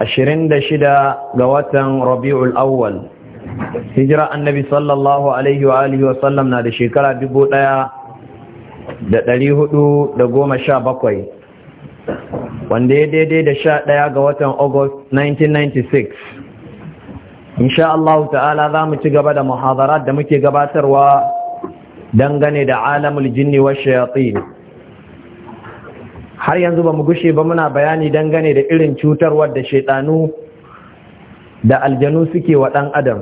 Ashirin da shida ga watan Rabi'ul Awwal Hijira Annabi sallallahu alaihi wa alihi wa sallam na da shekara bakwai, wanda ya daidai da sha ɗaya ga watan August 1996 Insha Allah ta'ala za mu ci gaba da muhadarat da muke gabatarwa dangane da alamul jinni wa shayatin har yanzu ba mu gushe ba muna bayani dangane da irin cutarwar da shaidanu da aljanu suke wa ɗan adam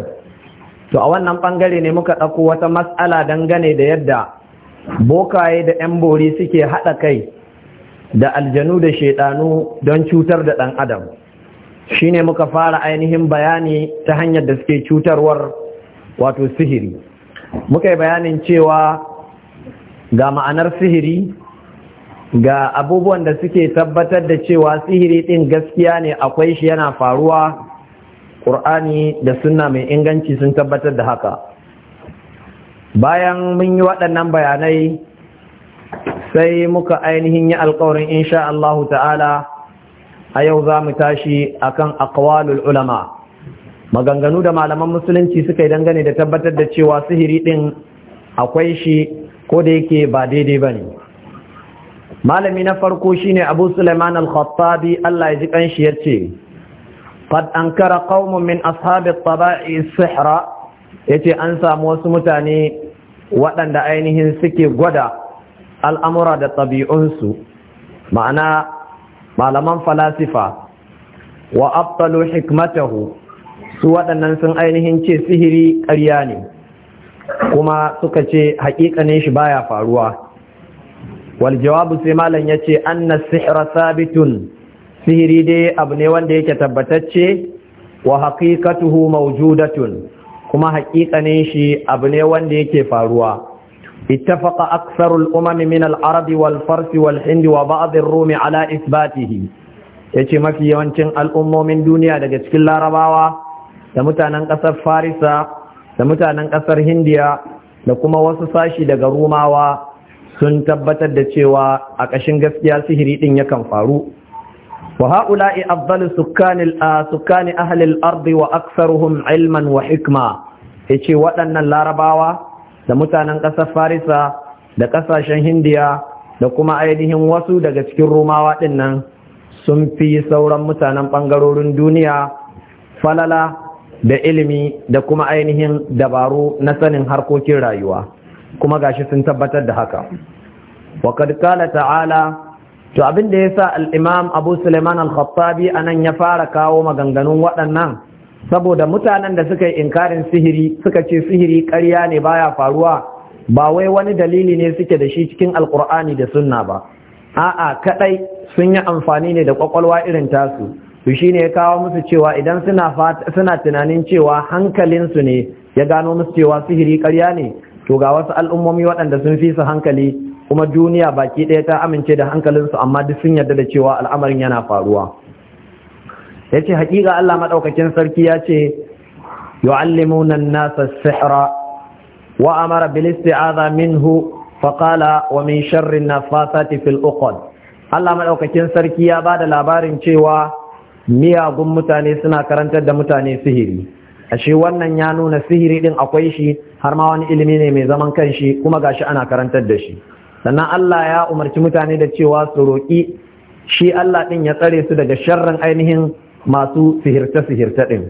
to a wannan ɓangare ne muka ɗauko wata matsala dangane da yadda bokaye da 'yan bori suke haɗa kai da aljanu da shaidanu don cutar da ɗan adam Shi ne muka fara ainihin bayani ta hanyar da suke cutarwar wato sihiri muka yi bayanin cewa ga ma'anar sihiri ga abubuwan da suke tabbatar da cewa sihiri ɗin gaskiya ne akwai shi yana faruwa ƙur'ani da sunna mai inganci sun tabbatar da haka bayan mun yi waɗannan bayanai sai muka ainihin yi alƙawarin insha Allahu ta'ala a yau za mu tashi akan akwalul ulama maganganu da malaman musulunci suka yi dangane da tabbatar da cewa sihiri ɗin akwai shi ko da yake ba daidai ba ne malami na farko shine abu suleiman al-khattabi Allah ya ji kanshi yace qad ankara qaumun min ashabi at-taba'i sihra yace an samu wasu mutane waɗanda ainihin suke gwada al'amura da tabi'unsu ma'ana malaman falasifa wa abtalu hikmatahu su waɗannan sun ainihin ce sihiri ƙarya ne kuma suka ce haƙiƙanin shi baya faruwa wal jawabu sai malam yace anna sihra sabitun sihiri dai abu ne wanda yake tabbatacce wa haqiqatuhu mawjudatun kuma haƙiƙanin shi abu ne wanda yake faruwa ittafaqa aktharul umami min al-arabi wal farsi wal hindi wa ba'd ar-rumi ala isbatihi yace mafi yawancin al'ummomin duniya daga cikin larabawa da mutanen ƙasar farisa da mutanen ƙasar hindiya da kuma wasu sashi daga rumawa sun tabbatar da cewa a ƙashin gaskiya sihiri ɗin yakan faru wa haula'i afdalu sukkani sukkani Ahlil ardi wa aktharuhum ilman wa hikma yace waɗannan larabawa da mutanen ƙasar farisa da ƙasashen hindiya da kuma ainihin wasu daga cikin romawa nan, sun fi sauran mutanen ɓangarorin duniya falala da ilimi da kuma ainihin dabaru na sanin harkokin rayuwa kuma gashi sun tabbatar da haka wa kad kala ta'ala to abinda da yasa al-imam Abu Sulaiman al-Khattabi anan ya fara kawo maganganun waɗannan saboda mutanen da suka yi inkarin sihiri suka ce sihiri ƙarya ne baya faruwa ba wai wani dalili ne suke da shi cikin alkur'ani da sunna ba a'a kadai sun yi amfani ne da kwakwalwa irin tasu to shine ya kawo musu cewa idan suna suna tunanin cewa hankalinsu ne ya gano musu cewa sihiri ƙarya ne to ga wasu al'ummomi waɗanda sun fi su hankali kuma duniya baki ɗaya ta amince da hankalinsu amma duk sun yarda da cewa al'amarin yana faruwa ya ce haƙiƙa Allah maɗaukakin sarki ya ce yu'allimuna nan nasa sihra wa amara bil isti'adha minhu faƙala wa min sharri nafasati fil uqad Allah maɗaukakin sarki ya ba da labarin cewa miyagun mutane suna karantar da mutane sihiri ashe wannan ya nuna sihiri ɗin akwai shi har ma wani ilimi ne mai zaman kanshi kuma gashi ana karantar da shi sannan Allah ya umarci mutane da cewa su roƙi shi Allah ɗin ya tsare su daga sharrin ainihin masu sihirta-sihirta ɗin.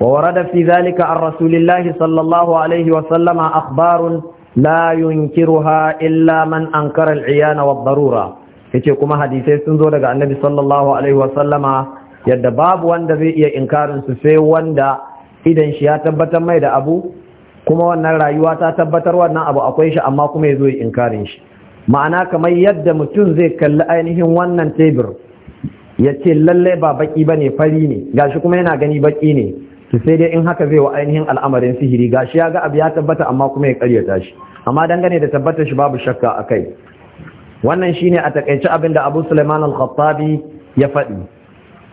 wa warada fi zalika an rasulillahi sallallahu alaihi wa sallama akhbarun la yunkiruha illa man ankara al-iyana wa darura yace kuma hadisai sun zo daga annabi sallallahu alaihi wa sallama yadda babu wanda zai iya inkarin su sai wanda idan shi ya tabbatar mai da abu kuma wannan rayuwa ta tabbatar wannan abu akwai shi amma kuma ya zo ya inkarin shi ma'ana kamar yadda mutum zai kalli ainihin wannan tebur ya ce lalle ba baki ba ne fari ne gashi kuma yana gani baki ne to sai dai in haka zai wa ainihin al'amarin sihiri gashi ya ga abu ya tabbata amma kuma ya karyata shi amma dangane da tabbatar shi babu shakka a kai wannan shine a takaice abin da Abu Sulaiman al-Khattabi ya faɗi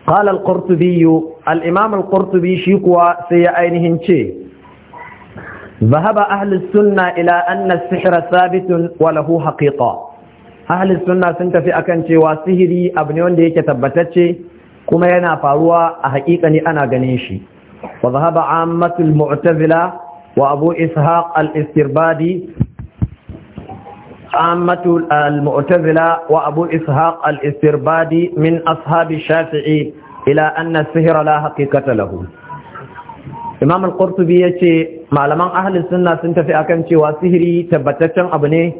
qala al-Qurtubi al-Imam al shi kuwa sai ya ainihin ce ذهب أهل السنة إلى أن السحر ثابت وله حقيقة أهل السنة سنت في أكن شوى سهري أبنيون دي كتبتتش كما ينا فاروا أحقيقني أنا غنيشي وذهب عامة المعتزلة وأبو إسحاق الاستربادي عامة المعتزلة وأبو إسحاق الاستربادي من أصحاب الشافعي إلى أن السحر لا حقيقة له imam al-qurtubi yace malaman ahalin sunna sun tafi akan cewa sihiri tabbataccen abu ne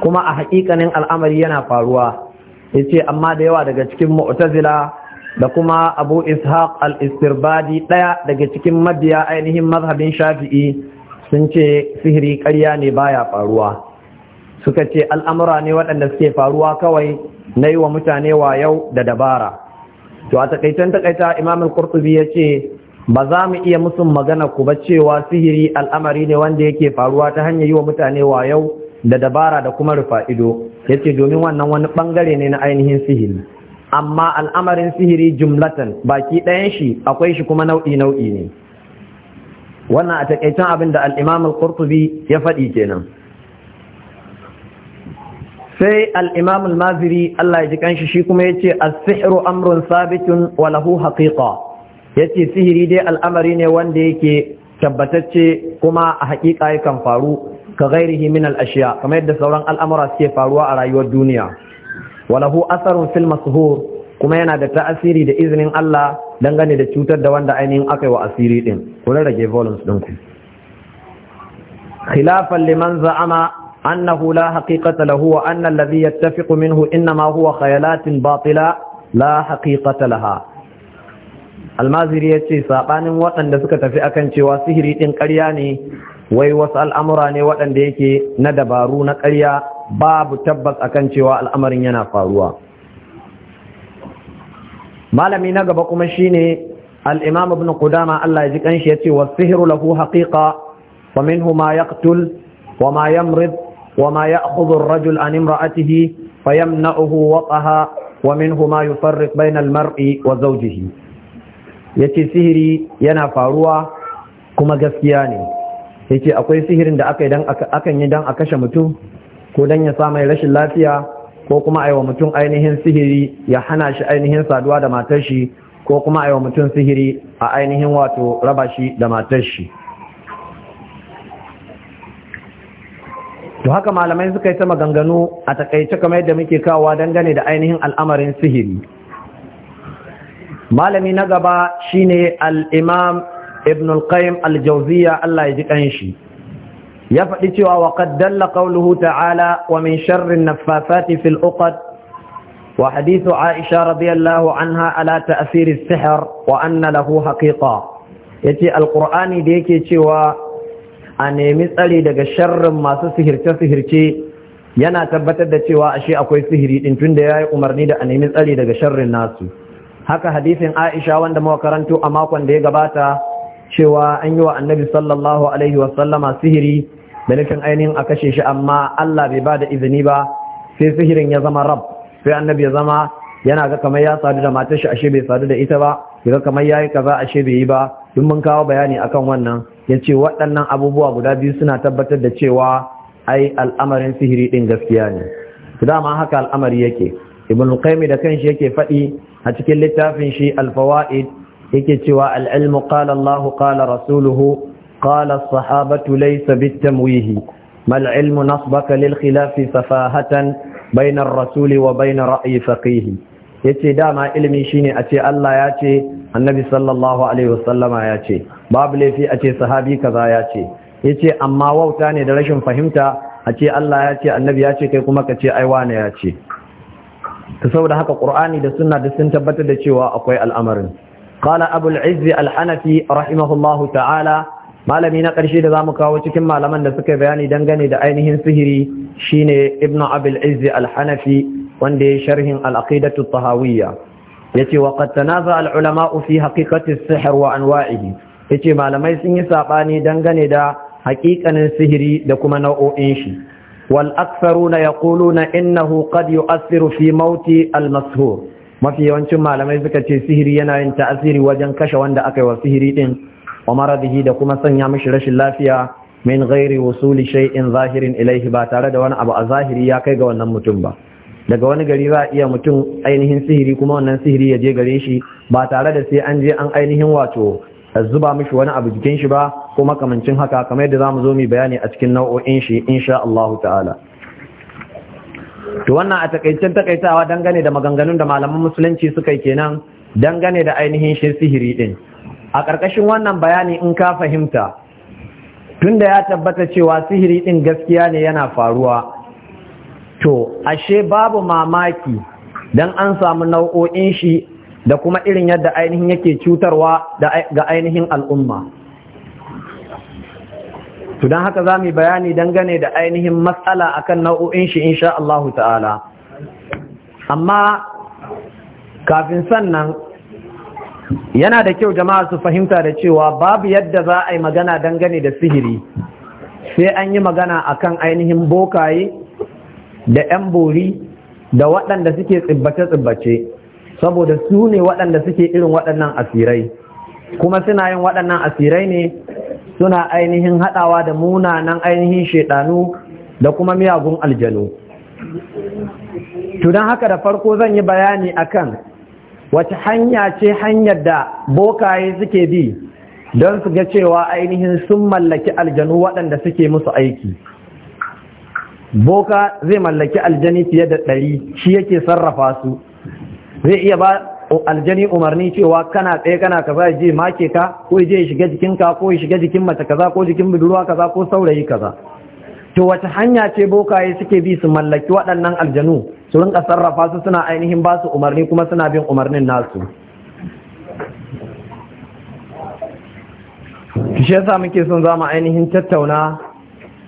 kuma a hakikanin al'amari yana faruwa Ya ce amma da yawa daga cikin mu'tazila da kuma abu ishaq al-istirbadi ɗaya daga cikin mabiya ainihin mazhabin shafi'i sun ce sihiri ƙarya ne baya faruwa suka ce al'amura ne waɗanda suke faruwa kawai na yi wa mutane wa yau da dabara to a taƙaitan taƙaita imam al-qurtubi ya ce ba za mu iya musu magana ku ba cewa sihiri al'amari ne wanda yake faruwa ta hanyar yi wa mutane wayau da dabara da kuma rufa ido ce domin wannan wani bangare ne na ainihin sihiri amma al'amarin sihiri jumlatan baki ɗayan shi akwai shi kuma nau'i nau'i ne wannan a takaicen abin da al'imam al-qurtubi ya faɗi kenan sai al'imam al-maziri Allah ya ji kanshi shi kuma ya ce as-sihru amrun sabitun wa lahu haqiqa yace sihiri dai al'amari ne wanda yake tabbatacce kuma a hakika yakan faru ka ghairihi min al-ashiya kamar yadda sauran al'amura suke faruwa a rayuwar duniya walahu asarun fil mashhur kuma yana da ta'asiri da izinin Allah dangane da cutar da wanda ainihin aka yi wa asiri din ku rage volumes din ku khilafan liman za'ama annahu la haqiqata lahu wa anna alladhi yattafiqu minhu inma huwa khayalatun batila la haqiqata laha almaziri ya ce saɓanin waɗanda suka tafi akan cewa sihiri ɗin ƙarya ne wai wasu al'amura ne waɗanda yake na dabaru na ƙarya babu tabbas akan cewa al'amarin yana faruwa malami na gaba kuma shine al'imam ibn kudama Allah ya ji ƙanshi ya ce wa sihiru lahu haƙiƙa wa min huma ya ƙtul wa ma yamrid wa ma ya ƙudur rajul an imra'atihi fa yamna'uhu waƙaha wa min huma yufarriq bainal mar'i wa zaujihi ya ce sihiri yana faruwa kuma gaskiya ne ya ce akwai sihirin da akan yi don a kashe mutum ko don ya samai rashin lafiya ko kuma aiwa mutum ainihin sihiri ya hana shi ainihin saduwa da matar shi ko kuma aiwa mutum sihiri a ainihin wato raba shi da matar shi to haka malamai suka yi ta maganganu a takaice kamar yadda muke kawo dangane da ainihin al'amarin sihiri malami na gaba shine alimam imam ibn al-qayyim al-jawziya Allah ya ji kanshi ya faɗi cewa wa qad dalla ta'ala wa min sharrin an fil uqad wa hadithu Aisha radiyallahu anha ala ta'sir as-sihr wa anna lahu haqiqa yace al da yake cewa a nemi tsari daga sharrin masu sihirce-sihirce yana tabbatar da cewa ashe akwai sihiri din tunda yayi umarni da a nemi tsari daga sharrin nasu haka hadisin Aisha wanda muka karanto a makon da ya gabata cewa an yi wa Annabi sallallahu alaihi wasallama sihiri da nufin ainihin a kashe shi amma Allah bai bada izini ba sai sihirin ya zama rab sai Annabi ya zama yana ga kamar ya sadu da matar shi ashe bai sadu da ita ba ya ga kamar yayi kaza ashe bai yi ba duk mun kawo bayani akan wannan yace waɗannan abubuwa guda biyu suna tabbatar da cewa ai al'amarin sihiri din gaskiya ne dama haka al'amari yake ibn qayyim da kanshi yake faɗi a cikin littafin shi alfawa'id yake cewa al'ilmu qala Allah qala rasuluhu qala as-sahabatu laysa bitamwihi mal ilmu nasbaka lil khilafi safahatan bayna ar-rasuli wa bayna ra'yi faqih yace dama ilmi shine a ce Allah ya ce annabi sallallahu alaihi wasallama ya ce babu laifi a ce sahabi kaza ya ce yace amma wauta ne da rashin fahimta a ce Allah ya ce annabi ya ce kai kuma ka ce ai wane ya ce ta saboda haka qur'ani da sunna da sun tabbatar da cewa akwai al'amarin kala abul al-hanafi rahimahullahu ta'ala malami na ƙarshe da zamu kawo cikin malaman da suka bayani dangane da ainihin sihiri shine ibnu abul izz al-hanafi wanda ya sharhin al-aqidatu tahawiyya yace wa qad tanaza al-ulama fi haqiqati as-sihr wa anwa'ihi yace malamai sun yi sabani dangane da haƙiƙanin sihiri da kuma nau'o'in shi والأكثرون يقولون إنه قد يؤثر في موت المسهور mafi yawancin malamai suka ce sihiri yana yin ta'asiri wajen kashe wanda aka yi wa sihiri din wa maradihi da kuma sanya mishi rashin lafiya min ghairi wusuli in zahirin ilaihi ba tare da wani abu a zahiri ya kai ga wannan mutum ba daga wani gari za a iya mutum ainihin sihiri kuma wannan sihiri ya je gare shi ba tare da sai an je an ainihin wato zuba mishi wani abu jikin shi ba ko makamancin haka kamar yadda zamu zo mu bayani a cikin nau'o'in shi insha Allah ta'ala to wannan a takaicen takaitawa dangane da maganganun da malaman musulunci suka yi kenan dangane da ainihin shi sihiri din a karkashin wannan bayani in ka fahimta tunda ya tabbata cewa sihiri din gaskiya ne yana faruwa to ashe babu mamaki dan an samu nau'o'in shi da kuma irin yadda ainihin yake cutarwa ga ainihin al'umma to don haka za mu yi bayani dangane da ainihin matsala a kan nau'o'in shi in Allah ta'ala amma kafin sannan yana da kyau jama'a su fahimta da cewa babu yadda za a yi magana dangane da sihiri sai an yi magana a kan ainihin bokaye da 'yan bori da waɗanda suke tsibbace-tsibbace saboda su ne waɗanda suke irin waɗannan asirai kuma suna yin waɗannan asirai ne suna ainihin haɗawa da munanan ainihin shaidanu da kuma miyagun aljanu tunan haka da farko zan yi bayani akan wace hanya ce hanyar da bokaye suke bi don su ga cewa ainihin sun mallaki aljanu waɗanda suke musu aiki boka zai mallaki aljani fiye da ɗari shi yake sarrafa su zai iya ba aljani umarni cewa kana tsaye kana kaza ya je make ka ko ya je ya shiga jikinka ko ya shiga jikin mace kaza ko jikin budurwa kaza ko saurayi kaza to wata hanya ce bokaye suke bi su mallaki waɗannan aljanu su rinka sarrafa su suna ainihin ba su umarni kuma suna bin umarnin nasu shi yasa muke son zama ainihin tattauna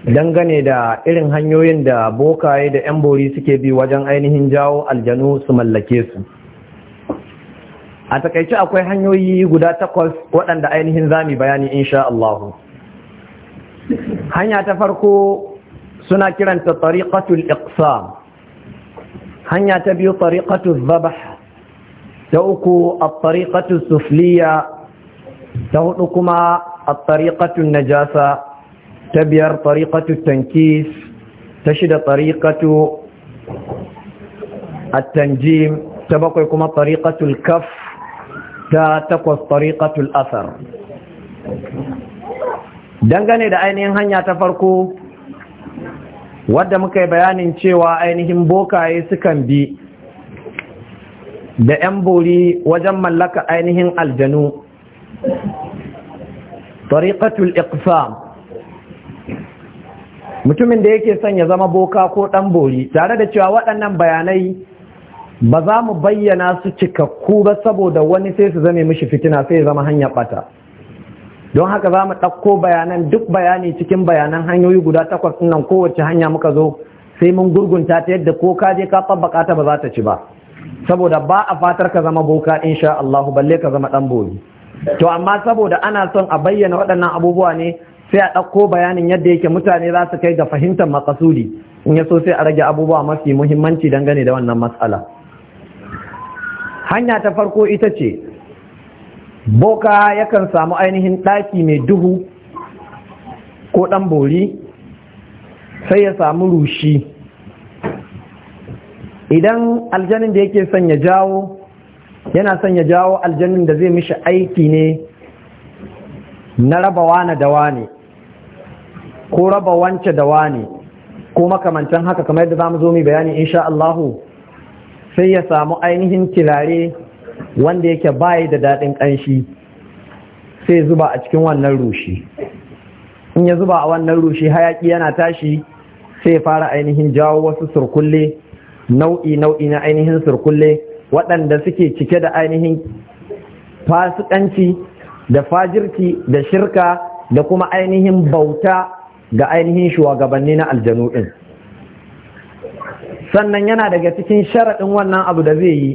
dangane da irin hanyoyin da bokaye da 'yan bori suke bi wajen ainihin jawo aljanu su mallake su a takaice akwai hanyoyi guda takwas waɗanda ainihin zami bayani insha Allah hanya ta farko suna kiranta tariqatul iqsam hanya ta biyu tariqatul zabah ta uku at-tariqatus sufliya ta hudu kuma at-tariqatun najasa ta biyar tariqatut tankis ta shida tariqatu at-tanjim ta bakwai kuma tariqatul kaf ta takwas tariqatul asar dangane da ainihin hanya ta farko wadda muka yi bayanin cewa ainihin bokaye sukan bi da 'yan bori wajen mallaka ainihin aljanu tariqatul iqsam mutumin da yake son ya zama boka ko dan bori tare da cewa waɗannan bayanai ba za mu bayyana su cikakku ba saboda wani sai su zame mishi fitina sai ya zama hanyar bata don haka za mu ɗauko bayanan duk bayani cikin bayanan hanyoyi guda takwas nan kowace hanya muka zo sai mun gurgunta ta yadda ko ka je ka tabbaka ta ba za ta ci ba saboda ba a fatar ka zama boka insha Allah balle ka zama dan to amma saboda ana son a bayyana waɗannan abubuwa ne sai a ɗauko bayanin yadda yake mutane za su kai ga fahimtar makasudi in ya so sai a rage abubuwa mafi muhimmanci dangane da wannan matsala. hanya ta farko ita ce boka yakan samu ainihin ɗaki mai duhu ko ɗan bori sai ya samu rushi idan aljanin da yake son ya jawo yana son jawo aljanin da zai mishi aiki ne na raba wane da wane ko raba wance da wane ko makamancin haka kamar yadda za mu zo mai bayani insha sai ya samu ainihin tilare wanda yake bayi da daɗin ƙanshi sai zuba a cikin wannan rushi in ya zuba a wannan rushi hayaƙi yana tashi sai ya fara ainihin jawo wasu surkulle nau'i nau'i na ainihin surkulle waɗanda suke cike da ainihin fasikanci da fajirki da shirka da kuma ainihin bauta ga ainihin shugabanni na aljanu ɗin sannan yana daga cikin sharaɗin wannan abu da zai yi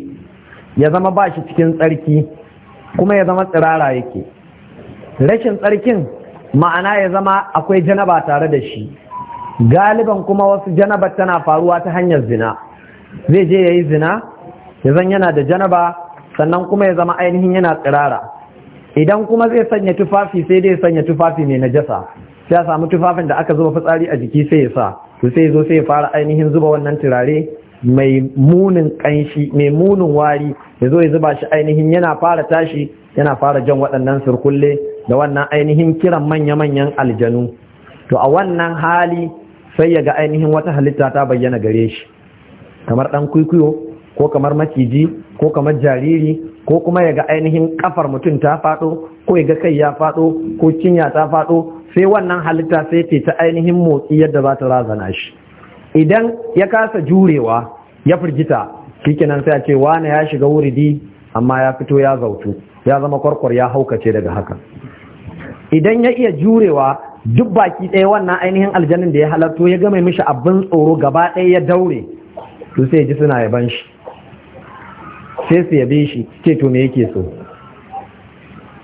ya zama ba shi cikin tsarki kuma ya zama tsirara yake rashin tsarkin ma'ana ya zama akwai janaba tare da shi galiban kuma wasu janaba tana faruwa ta hanyar zina zai je ya yi zina ya zan yana da janaba sannan kuma ya zama ainihin yana tsirara idan kuma zai sanya tufafi sai dai sanya tufafi mai najasa sai ya samu tufafin da aka zuba fitsari a jiki sai ya sa to sai zo sai fara ainihin zuba wannan turare mai munin kanshi mai munin wari ya zo ya zuba shi ainihin yana fara tashi yana fara jan waɗannan surkulle da wannan ainihin kiran manya-manyan aljanu to a wannan hali sai ya ga ainihin wata halitta ta bayyana gare shi kamar ɗan kwikwiyo ko kamar maciji ko kamar jariri ko kuma ya ga ainihin kafar mutum ta faɗo ko ya kai ya faɗo ko cinya ta faɗo sai wannan halitta sai ce ta ainihin motsi yadda za ta razana shi idan ya kasa jurewa ya firgita shi sai a ce wane ya shiga wuridi amma ya fito ya zautu ya zama kwarkwar ya haukace daga haka idan ya iya jurewa duk baki ɗaya wannan ainihin aljanin da ya halatto ya gama mishi abin tsoro gaba ɗaya ya daure to sai ji suna yaban shi sai su yabe shi ce to me yake so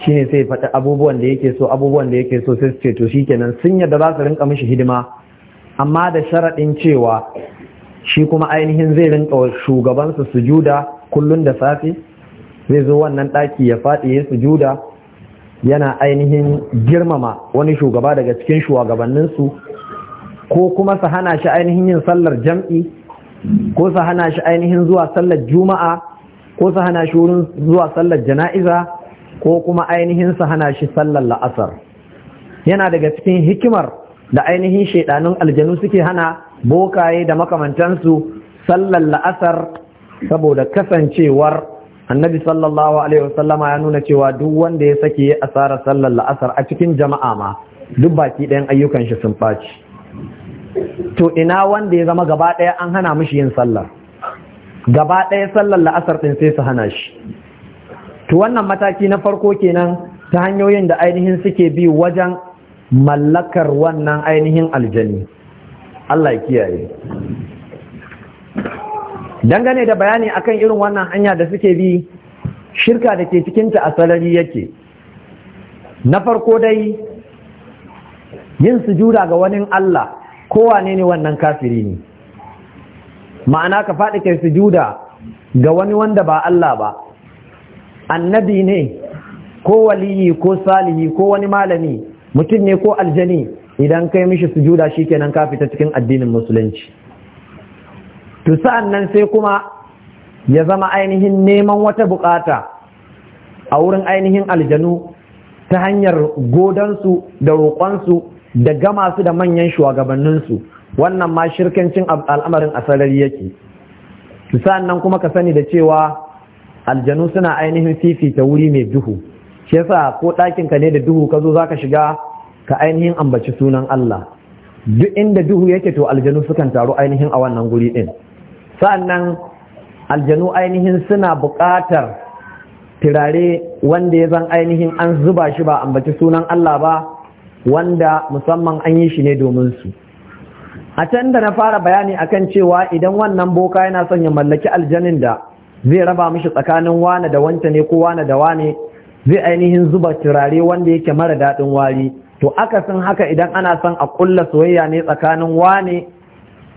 shi ne sai faɗi abubuwan da yake so abubuwan da yake so sai su ce to shi kenan sun yadda za su rinka mishi hidima amma da sharaɗin cewa shi kuma ainihin zai rinka shugabansu sujuda kullum da safe zai zo wannan ɗaki ya faɗi ya sujuda yana ainihin girmama wani shugaba daga cikin shugabanninsu ko kuma su hana shi ainihin yin sallar jam'i ko su hana shi ainihin zuwa sallar juma'a ko su hana shi wurin zuwa sallar jana'iza ko kuma ainihin su hana shi sallar la'asar yana daga cikin hikimar da ainihin shaidanun aljanu suke hana bokaye da makamantansu sallar la'asar saboda kasancewar annabi sallallahu alaihi wasallama ya nuna cewa duk wanda ya sake ya asara sallar la'asar a cikin jama'a ma duk baki ɗayan ayyukan shi sun ɓaci to ina wanda ya zama gaba ɗaya an hana mishi yin sallar gaba ɗaya sallar la'asar ɗin sai su hana shi to wannan mataki na farko kenan ta hanyoyin da ainihin suke bi wajen mallakar wannan ainihin aljani Allah ya kiyaye dangane da bayani akan irin wannan hanya da suke bi shirka da ke cikinta a sarari yake na farko dai yin sujuda ga wani Allah kowane ne wannan kafiri ne ma'ana ka faɗi kai sujuda ga wani wanda ba Allah ba annabi ne ko waliyi ko salihi ko wani malami mutum ne ko aljani idan kai mishi sujuda shi shikenan ka fita cikin addinin musulunci to sa'an sai kuma ya zama ainihin neman wata bukata a wurin ainihin aljanu ta hanyar godansu da roƙonsu da gama su da manyan shugabanninsu wannan ma shirkancin al'amarin asarari yake sa'an nan kuma ka sani da cewa aljanu suna ainihin fifita wuri mai duhu shi yasa ko ɗakin ka ne da duhu ka zo za ka shiga ka ainihin ambaci sunan Allah duk inda duhu yake to aljanu sukan taru ainihin a wannan guri ɗin Sa'annan aljanu ainihin suna buƙatar turare wanda ya zan ainihin an zuba shi ba ambaci sunan Allah ba wanda musamman an yi shi ne domin su a can da na fara bayani akan cewa idan wannan boka yana son ya mallaki aljanin da zai raba mishi tsakanin wane da wance ne ko wane da wane zai ainihin zuba turare wanda yake mara daɗin wari to aka san haka idan ana son a kulla soyayya ne tsakanin wane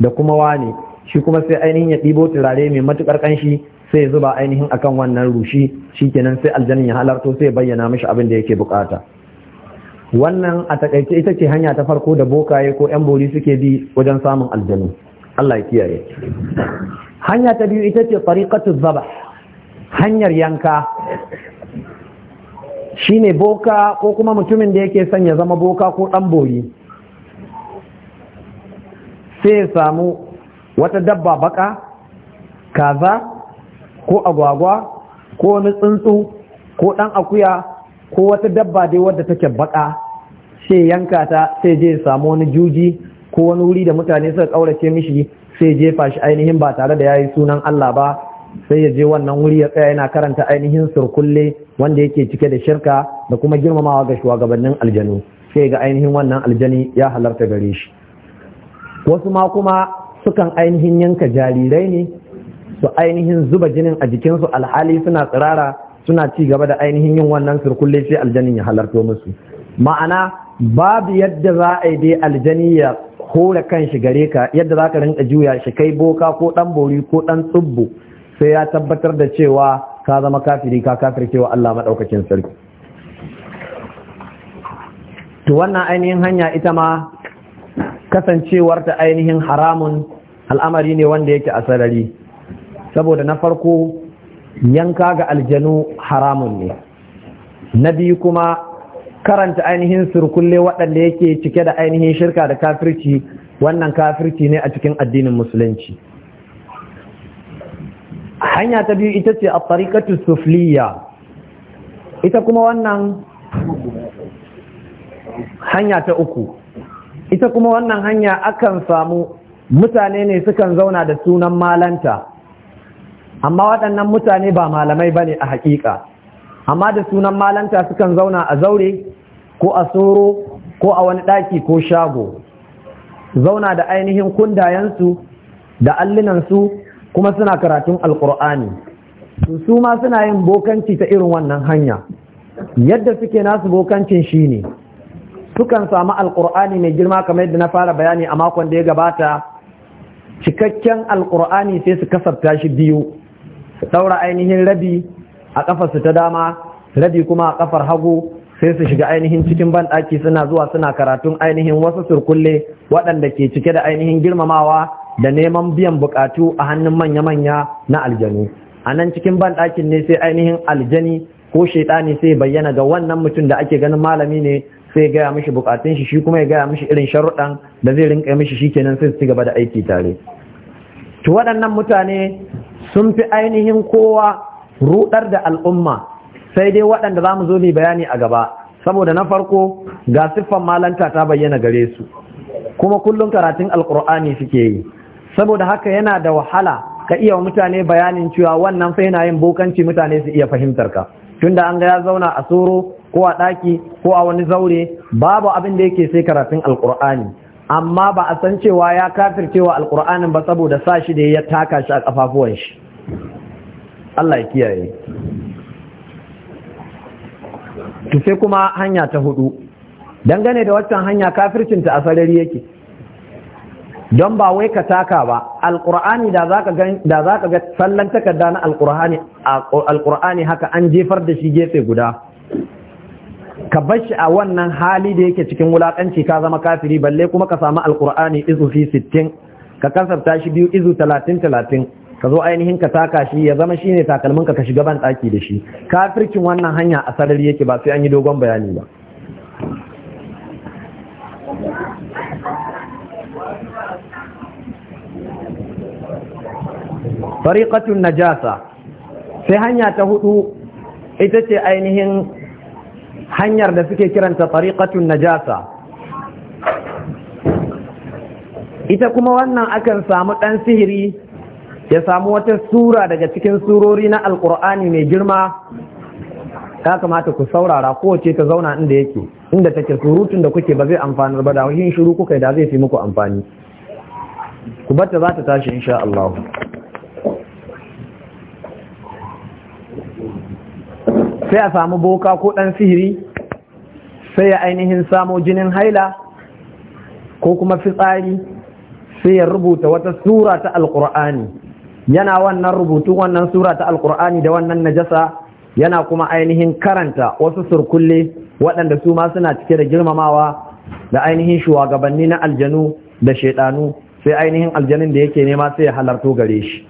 da kuma wane shi kuma sai ainihin ya ɗibo turare mai matuƙar ƙanshi sai zuba ainihin akan wannan rushi kenan sai aljanin ya halarto sai ya bayyana mishi abin da yake buƙata. wannan a takaice ita ce hanya ta farko da bokaye ko yan bori suke bi wajen samun aljanu Allah ya kiyaye hanya ta biyu ita ce tariqatu zabah hanyar yanka shine boka ko kuma mutumin da yake son ya zama boka ko dan bori sai ya samu wata dabba baka kaza ko agwagwa ko wani tsuntsu ko ɗan akuya ko wata dabba dai wadda take baka sai yanka ta sai je samu wani juji ko wani wuri da mutane suka kaurace mishi sai jefa shi ainihin ba tare da yayi sunan Allah ba sai ya je wannan wuri ya tsaya yana karanta ainihin surkulle wanda yake cike da shirka da kuma girmamawa ga shugabannin aljanu sai ga ainihin wannan aljani ya halarta gare shi wasu ma kuma sukan ainihin yanka jarirai ne su ainihin zuba jinin a jikinsu alhali suna tsirara suna ci gaba da ainihin yin wannan surkulle sai aljanin ya halarto musu ma'ana babu yadda za a yi dai aljani ya hore kan shi gare ka yadda za ka rinka juya shi kai boka ko dan bori ko dan tsubbu sai ya tabbatar da cewa ka zama kafiri ka wa Allah madaukakin sarki to wannan ainihin hanya ita ma kasancewarta ainihin haramun al'amari ne wanda yake a sarari saboda na farko yanka ga aljanu haramun ne na biyu kuma karanta ainihin surkulle waɗanda yake cike da ainihin shirka da kafirci wannan kafirci ne a cikin addinin musulunci hanya ta biyu ita ce a tsarikatu sufliya ita kuma wannan hanya ta uku ita kuma wannan hanya akan samu mutane ne sukan zauna da sunan malanta amma waɗannan mutane ba malamai ba ne a haƙiƙa amma da sunan malanta sukan zauna a zaure ko a soro ko a wani ɗaki ko shago zauna da ainihin kundayensu da allinansu kuma suna karatun alkur'ani su ma suna yin bokanci ta irin wannan hanya yadda suke nasu bokancin shine sukan samu Alƙur'ani mai girma kamar yadda na fara bayani a makon da ya gabata cikakken Alƙur'ani sai su kasarta shi biyu su ɗaura ainihin rabi a kafarsu ta dama rabi kuma a kafar hagu sai su shiga ainihin cikin banɗaki suna zuwa suna karatun ainihin wasu surkulle waɗanda ke cike da ainihin girmamawa da neman biyan buƙatu a hannun manya-manya na aljanu a nan cikin banɗakin ne sai ainihin aljani ko ne sai bayyana ga wannan mutum da ake ganin malami ne sai gaya mishi bukatun shi shi kuma ya gaya mishi irin sharuɗan da zai rinka mishi shi kenan sai su ci gaba da aiki tare to waɗannan mutane sun fi ainihin kowa rudar da al'umma sai dai waɗanda za mu zo ne bayani a gaba saboda na farko ga siffan malanta ta bayyana gare su kuma kullum karatun alkur'ani suke yi saboda haka yana da wahala ka iya wa mutane bayanin cewa wannan fa yana yin bokanci mutane su iya fahimtar ka tunda an ga ya zauna a soro ko a ɗaki ko a wani zaure babu abin da yake sai karatun alkur'ani amma ba a san cewa ya kafircewa alkur'anin ba saboda sa shi da ya taka shi a kafafuwan shi Allah ya kiyaye to sai kuma hanya ta hudu dangane da waccan hanya kafircinta a sarari yake don ba wai ka taka ba alqur'ani da za ka ga sallan takarda na alkur'ani haka an jefar da shi gefe guda ka bar a wannan hali da yake cikin wulakanci ka zama kafiri balle kuma ka samu alkur'ani izu fi sittin, ka kasarta shi biyu izu talatin talatin. ka zo ainihin ka taka shi ya zama shine takalmin ka ka shiga ban daki da shi kafircin wannan hanya a sarari yake ba sai an yi dogon bayani ba fariqatun najasa sai hanya ta hudu ita ce ainihin hanyar da suke kiranta fariqatun najasa ita kuma wannan akan samu ɗan sihiri ya samu wata sura daga cikin surori na alkur'ani mai girma ya kamata ku saurara kowace ta zauna inda yake inda take surutun da kuke ba zai amfanar ba da wahin shiru kuka da zai fi muku amfani ku bata za ta tashi insha Allah sai a samu boka ko ɗan sihiri sai ya ainihin samo jinin haila ko kuma fitsari sai ya rubuta wata sura ta alkur'ani yana wannan rubutu wannan sura ta alkur'ani da wannan najasa yana kuma ainihin karanta wasu surkulle waɗanda su ma suna cike da girmamawa da ainihin shugabanni na aljanu da shaidanu sai ainihin aljanin da yake nema sai ya halarto gare shi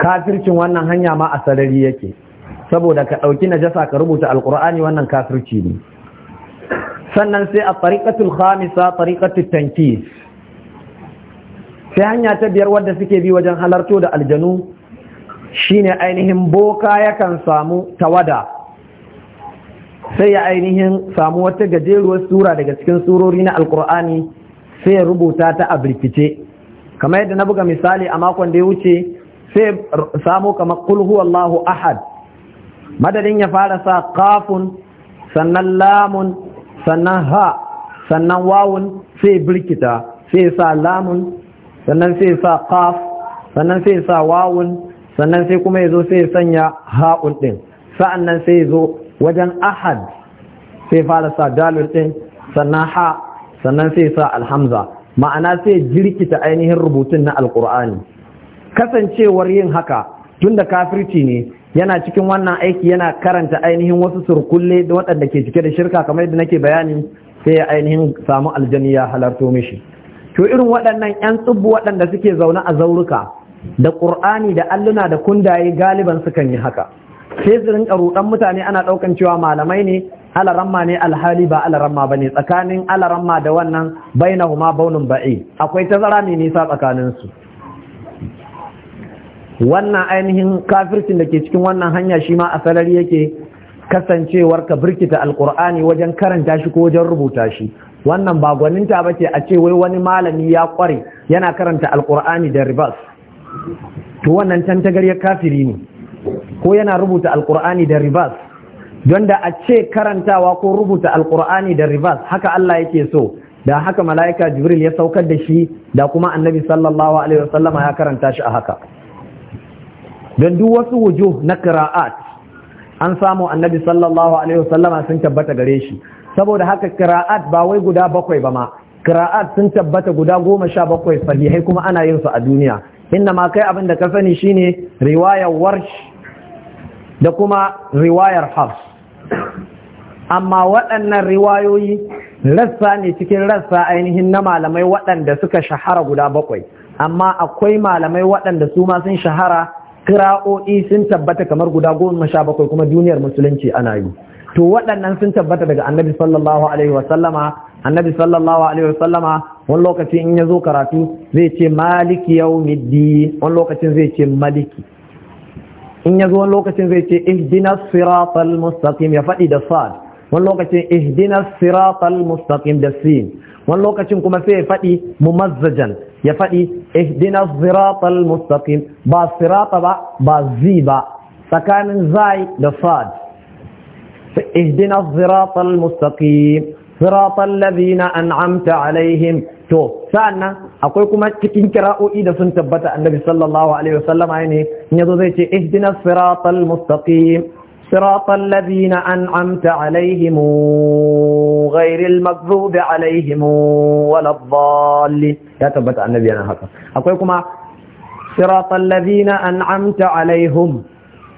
kafircin wannan hanya ma a sarari yake saboda ka ɗauki najasa ka rubuta alkur'ani wannan kafirci ne sannan sai a tariƙatul khamisa tariƙatul tankis sai hanya ta biyar wadda suke bi wajen halarto da aljanu shine ainihin boka yakan samu tawada sai ya ainihin samu wata gajeruwar sura daga cikin surori na alkur'ani sai ya rubuta ta a birkice kamar yadda na buga misali a makon da ya wuce sai samu kamar kul huwallahu ahad madadin ya fara sa kafun sannan lamun sannan ha sannan wawun sai birkita sai sa lamun sannan sai sa qaf sannan sai sa wawun sannan sai kuma yazo sai sanya ha'un din sa'annan sai yazo wajen ahad sai fara sa dalil din sannan ha sannan sai sa alhamza ma'ana sai jirkita ainihin rubutun na alqur'ani kasancewar yin haka tunda kafirci ne yana cikin wannan aiki yana karanta ainihin wasu surkulle da waɗanda ke cike da shirka kamar yadda nake bayani sai ainihin samu aljani ya halarto mishi to irin waɗannan 'yan tsubbu waɗanda suke zaune a zauruka da ƙur'ani da alluna da kundaye galiban sukan yi haka sai su rinka ruɗan mutane ana ɗaukan cewa malamai ne alaramma ne alhali ba alaramma ba ne tsakanin alaramma da wannan bainahuma baunin ba'i akwai tazara mai nisa tsakanin su wannan ainihin kafircin da ke cikin wannan hanya shi ma a salari yake kasancewar ka birkita alkur'ani wajen karanta shi ko wajen rubuta shi wannan ba gwaninta ba ce a ce wai wani malami ya kware yana karanta alkur'ani da ribas to wannan can tantagarya kafiri ne ko yana rubuta alkur'ani da ribas don da a ce karantawa ko rubuta alkur'ani da ribas haka Allah yake so da haka mala'ika jibril ya saukar da shi da kuma annabi sallallahu alaihi wasallama ya karanta shi a haka don duk wasu wujuh na qira'at an samu annabi sallallahu alaihi wasallama sun tabbata gare shi saboda haka kira'at ba wai guda bakwai ba ma kira'at sun tabbata guda goma sha bakwai sahihai kuma ana yin su a duniya inna ma kai abin da ka sani shine riwayar warsh da kuma riwayar hafs amma waɗannan riwayoyi rassa ne cikin rassa ainihin na malamai waɗanda suka shahara guda bakwai amma akwai malamai waɗanda su ma sun shahara kira'o'i sun tabbata kamar guda goma sha bakwai kuma duniyar musulunci ana yi to waɗannan sun tabbata daga annabi sallallahu alaihi wa sallama annabi sallallahu alaihi wa sallama wani lokaci in ya zo karatu zai ce maliki yawmiddin wani lokacin zai ce maliki in ya zo wani lokacin zai ce Ihdina siratal mustaqim ya faɗi da sad wani lokacin ihdina siratal mustaqim da sin wani lokacin kuma sai ya faɗi mumazzajan ya faɗi ihdina siratal mustaqim ba sirata ba ba zi ba tsakanin zai da sad اهدنا الصراط المستقيم صراط الذين انعمت عليهم تو سانا اقول كما تكين كراو اذا سن النبي صلى الله عليه وسلم عيني نيتو اهدنا الصراط المستقيم صراط الذين انعمت عليهم غير المغضوب عليهم ولا الضالين يا تبت النبي انا هكذا اقول كما صراط الذين انعمت عليهم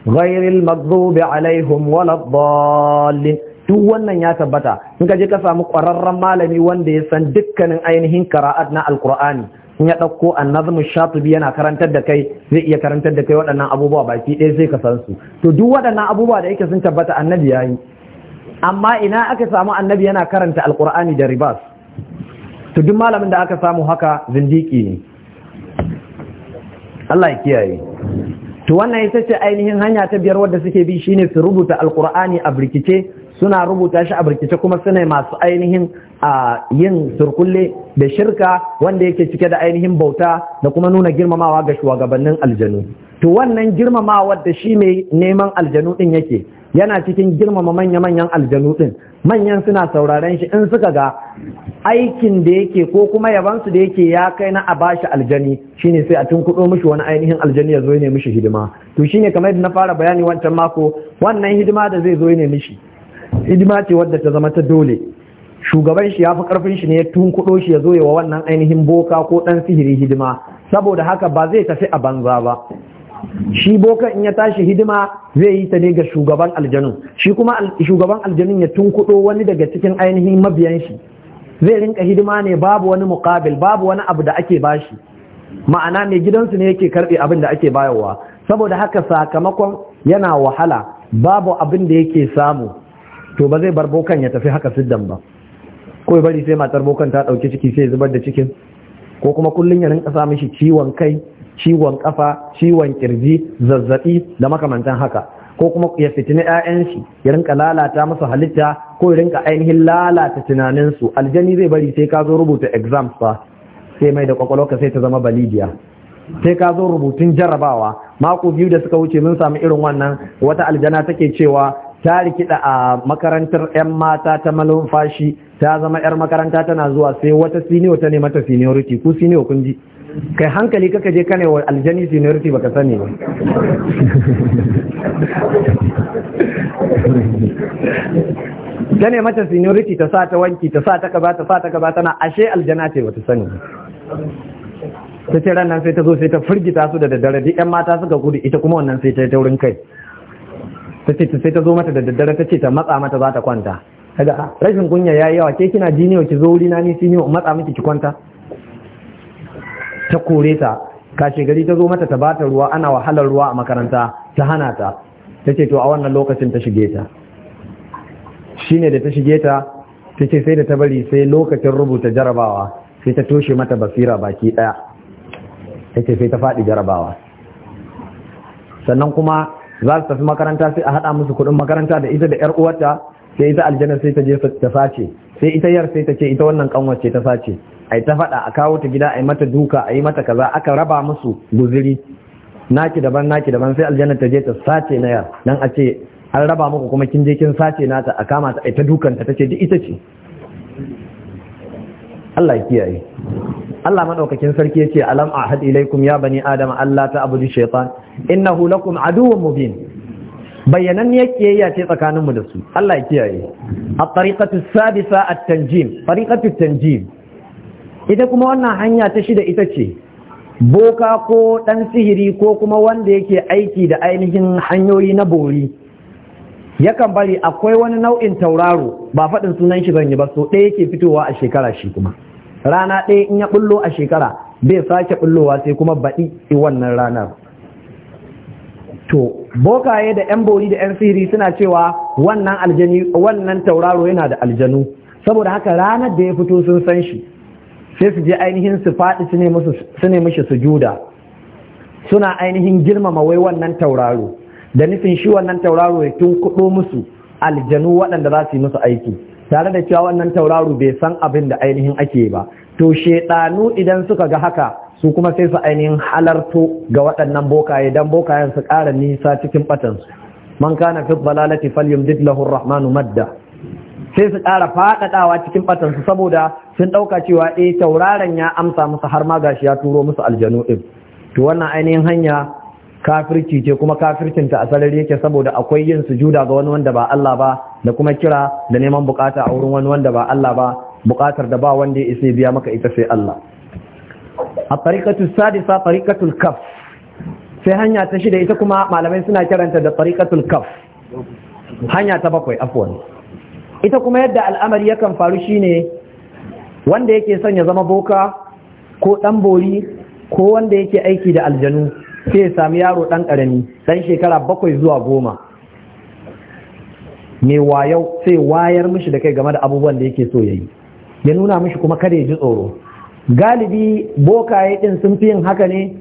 غير المغضوب عليهم ولا الضالين duk wannan ya tabbata in ka je ka samu ƙwararren malami wanda ya san dukkanin ainihin kara'at na alkur'ani in ya ɗauko annazmu shatubi yana karantar da kai zai iya karantar da kai waɗannan abubuwa baki ɗaya zai ka san su to duk waɗannan abubuwa da yake sun tabbata annabi ya yi. amma ina aka samu annabi yana karanta alkur'ani da ribas to duk malamin da aka samu haka zindiki ne Allah ya kiyaye to wannan ita ce ainihin hanya ta biyar wadda suke bi shine su rubuta alqur'ani a birkice suna rubuta shi a birkice kuma suna masu ainihin a yin surkulle da shirka wanda yake cike da ainihin bauta da kuma nuna girmamawa ga shugabannin aljanu to wannan girmamawa da shi mai neman aljanu din yake yana cikin girmama manya-manyan aljanu din manyan suna sauraren shi in suka ga aikin da yake ko kuma yabansu da yake ya kai na a bashi aljani shine sai a tunkuɗo mishi wani ainihin aljani ya zo ne mishi hidima to shine kamar yadda na fara bayani wancan mako wannan hidima da zai zo ne mishi hidima ce wadda ta zama ta dole shugaban shi ya fi karfin shi ne ya tunkuɗo shi ya zo wa wannan ainihin boka ko ɗan sihiri hidima saboda haka ba zai tafi a banza ba shi boka in ya tashi hidima zai yi ta ne ga shugaban aljanun shi kuma shugaban aljanun ya tunkuɗo wani daga cikin ainihin mabiyan shi zai rinka hidima ne babu wani mukabil babu wani abu da ake bashi ma'ana mai gidansu ne yake karɓe abin da ake bayarwa saboda haka sakamakon yana wahala babu abin da yake samu to ba zai bar bokan ya tafi haka siddan ba ko ya bari sai matar bokan ta dauki ciki sai zubar da cikin ko kuma kullun ya rinka sa mishi ciwon kai ciwon kafa ciwon kirji zazzabi da makamantan haka ko kuma ya fitina 'ya'yan shi ya rinka lalata musu halitta ko ya rinka ainihin lalata tunanin su aljani zai bari sai ka zo rubuta exam fa sai mai da kwakwalwarka sai ta zama balidiya sai ka zo rubutun jarabawa? mako biyu da suka wuce mun samu irin wannan wata aljana take cewa ta rikida a makarantar 'yan mata ta malumfashi ta zama 'yar makaranta tana zuwa sai wata siniyo ta ne mata seniority ku siniyo kun ji kai hankali kaka je kane wa aljani seniority baka sani ba ta ne mata seniority ta sa ta wanki ta sa ta gaba ta sa ta gaba tana ashe aljana ce bata sani ta ce ran nan sai ta zo sai ta firgita su da daddare duk 'yan mata suka gudu ita kuma wannan sai ta yi taurin kai ta ce sai ta zo mata da daddare ta ce ta matsa mata za ta kwanta kaga ah, rashin kunya yayi yawa ke kina ji jiniyo ki zo wurina ni siniyo matsa miki ki kwanta ta kore ta kashe gari ta zo mata ta bata ruwa ana wahalar ruwa a makaranta ta hana ta ta ce to a wannan lokacin ta shige ta shine da ta shige ta ta ce sai da ta bari sai lokacin rubuta jarabawa sai ta toshe mata basira baki daya ta ce sai ta faɗi jarabawa sannan kuma za su tafi makaranta sai a haɗa musu kuɗin makaranta da ita da ƴar uwarta sai ita aljanna sai ta je ta sace sai ita yar sai ta ce ita wannan ce ta sace ai ta faɗa a kawo ta gida ai mata duka ai mata kaza aka raba musu guziri naki daban naki daban sai aljanna ta je ta sace na yar dan a ce an raba muku kuma kin je kin sace nata a kama ta ai ta dukan ta tace duk ita ce Allah ya kiyaye Allah madaukakin sarki yace alam ahad ilaikum ya bani adama Allah ta abudu shaytan Inna lakum aduwwun mubin bayanan ya kiyayya ce tsakanin mu da su Allah ya kiyaye at-tariqatu sadisa at-tanjim tariqatu tanjim ita kuma wannan hanya ta shida ita ce boka ko ɗan sihiri ko kuma wanda yake aiki da ainihin hanyoyi na bori yakan bari akwai wani nau'in tauraro ba faɗin sunan shi zanyi ba so ɗaya yake fitowa a shekara shi kuma rana ɗaya in ya ɓullo a shekara bai sake ɓullowa sai kuma baɗi wannan ranar to bokaye da yan bori da yan sihiri suna cewa wannan aljani wannan tauraro yana da aljanu saboda haka ranar da ya fito sun san shi sai su je ainihin su faɗi su ne mishi sujuda suna ainihin girmama wai wannan tauraro da nufin shi wannan tauraro ya tun kuɗo musu aljanu waɗanda za su yi musu aiki tare da cewa wannan tauraro bai san abin da ainihin ake ba to shaiɗanu idan suka ga haka su kuma sai su ainihin halarto ga waɗannan bokaye dan bokayen su ƙara nisa cikin ɓatansu man kana fi dalalati falyumdid lahu rahmanu madda sai su ƙara faɗaɗawa cikin ɓatansu saboda sun ɗauka cewa eh tauraron ya amsa musu har ma gashi ya turo musu aljanu ɗin to wannan ainihin hanya kafirci ce kuma kafircin ta sarari yake saboda akwai yin sujuda ga wani wanda ba Allah ba da kuma kira da neman bukata a wurin wani wanda ba Allah ba bukatar da ba wanda ya isa biya maka ita sai Allah a tariqatu sadisa tariqatul kaf sai hanya ta shida ita kuma malamai suna kiranta da tariqatul kaf hanya ta bakwai afuwan ita kuma yadda al'amari yakan faru shine wanda yake son ya zama boka ko dan bori ko wanda yake aiki da aljanu sai ya sami yaro dan karami ɗan shekara bakwai zuwa goma mai wayau sai wayar mishi da kai game da abubuwan da yake so ya yi ya nuna mishi kuma kada ya ji tsoro galibi bokaye din sun fi yin haka ne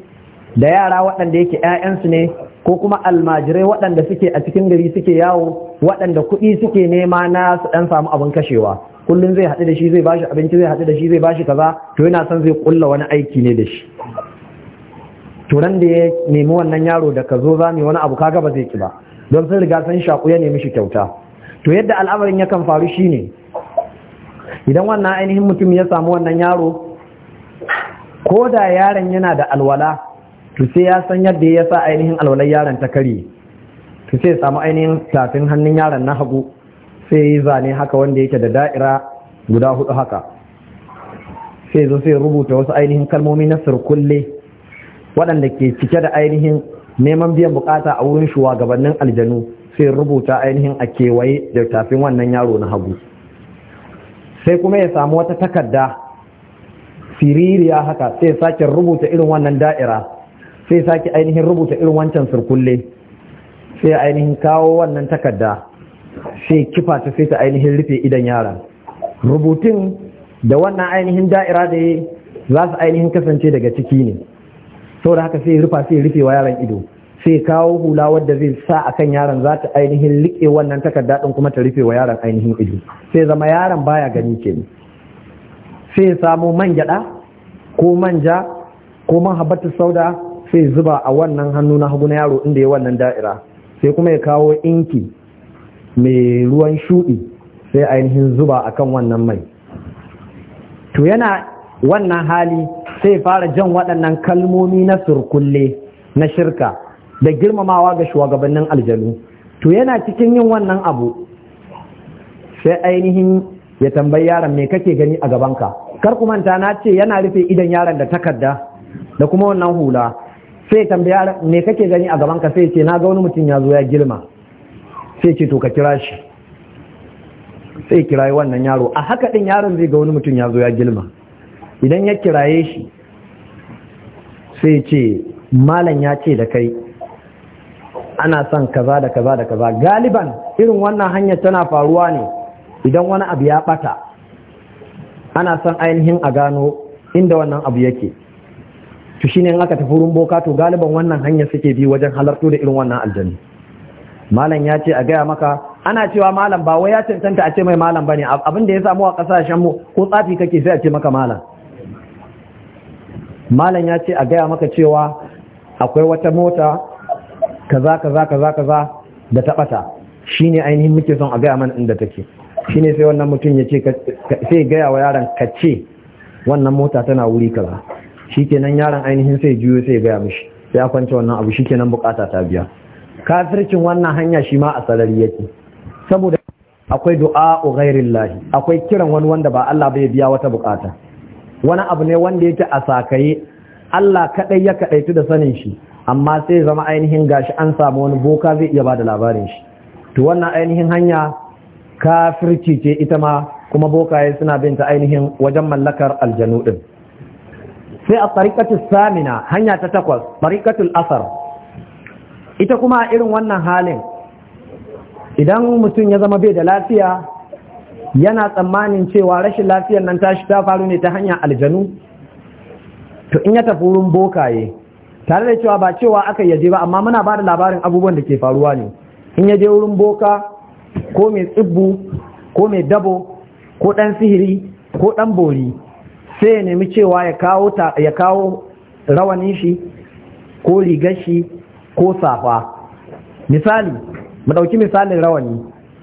da yara waɗanda yake 'ya'yansu ne ko kuma almajirai waɗanda suke a cikin gari suke yawo waɗanda kuɗi suke nema na su ɗan samu abin kashewa kullum zai haɗu da shi zai bashi abinci zai haɗu da shi zai bashi kaza to yana son zai ƙulla wani aiki ne da shi to nan da ya nemi wannan yaro da ka zo za mu wani abu kaga ba zai ki ba don sun riga sun shaƙu ya nemi shi kyauta to yadda al'amarin yakan faru shine idan wannan ainihin mutum ya samu wannan yaro ko da yaron yana da alwala to sai ya san yadda ya sa ainihin alwalar yaron ta karye to sai ya samu ainihin tafin hannun yaron na hagu sai ya yi zane haka wanda yake da da'ira guda hudu haka sai zo sai rubuta wasu ainihin kalmomi na sirkulle waɗanda ke cike da ainihin neman biyan bukata a wurin shugabannin aljanu sai rubuta ainihin a kewaye da tafin wannan yaro na hagu sai kuma ya samu wata takarda siririya haka sai sake rubuta irin wannan da'ira sai sake ainihin rubuta irin wancan surkulle sai ainihin kawo wannan takarda sai kifa ta sai ta ainihin rufe idan yara rubutun da wannan ainihin da'ira da ya za su ainihin kasance daga ciki ne sau da haka sai rufa sai rufe wa yaron ido sai kawo hula wadda zai sa a kan yaron za ta ainihin liƙe wannan takarda ɗin kuma ta rufe wa yaron ainihin ido sai zama yaron baya gani ke sai samu man gyaɗa ko manja ko mahabbatu sauda sai zuba a wannan hannu na hagu na yaro inda ya wannan da'ira sai kuma ya kawo inki mai ruwan shuɗi sai ainihin zuba a kan wannan mai to yana wannan hali sai fara jan waɗannan kalmomi na surkulle na shirka da girmamawa ga shugabannin aljanu to yana cikin yin wannan abu sai ainihin ya tambayi yaron me kake gani a gabanka kar ku manta na ce yana rufe idan yaron da takarda da kuma wannan hula sai tambaya me kake gani a gaban ka sai ce na ga wani mutum ya zo ya girma sai ce to ka kira shi sai kirayi wannan yaro a haka din yaron zai ga wani mutum ya zo ya girma idan ya kiraye shi sai ce malam ya ce da kai ana son kaza da kaza da kaza galiban irin wannan hanyar tana faruwa ne idan wani abu ya bata ana son ainihin a gano inda wannan abu yake to shine in aka tafi wurin boka to galiban wannan hanya suke bi wajen halartu da irin wannan aljanni malam ya ce a gaya maka ana cewa malam ba wai ya cancanta a ce mai malam bane abin da ya samu a kasashen mu ko tsafi kake sai a ce maka malam malam ya ce a gaya maka cewa akwai wata mota kaza kaza kaza kaza da ta shi shine ainihin muke son a gaya mana inda take Shi ne sai wannan mutum ya ce sai gaya wa yaron ka ce wannan mota tana wuri kaza shikenan yaron ainihin sai juyo sai gaya mishi sai ya kwance wannan abu shikenan bukata ta biya kafircin wannan hanya shi ma a sarari yake saboda akwai du'a ghairin lahi akwai kiran wani wanda ba Allah bai biya wata bukata wani abu ne wanda yake a sakaye Allah kaɗai ya kadaitu da sanin shi amma sai zama ainihin gashi an samu wani boka zai iya da labarin shi to wannan ainihin hanya kafirci ce ita ma kuma bokaye suna binta ainihin wajen mallakar aljanu din sai a tsarikatu samina hanya ta takwas tsarikatul asar ita kuma irin wannan halin idan mutum ya zama bai da lafiya yana tsammanin cewa rashin lafiyar nan tashi ta faru ne ta hanyar aljanu to in ya tafi wurin bokaye tare da cewa ba cewa aka yaje ba amma muna ba da labarin abubuwan da ke faruwa ne in ya je wurin boka ko mai tsibbu ko mai dabo ko ɗan sihiri ko ɗan bori sai ya nemi cewa ya kawo rawanin shi ko rigar shi ko safa misali mu ɗauki misalin rawani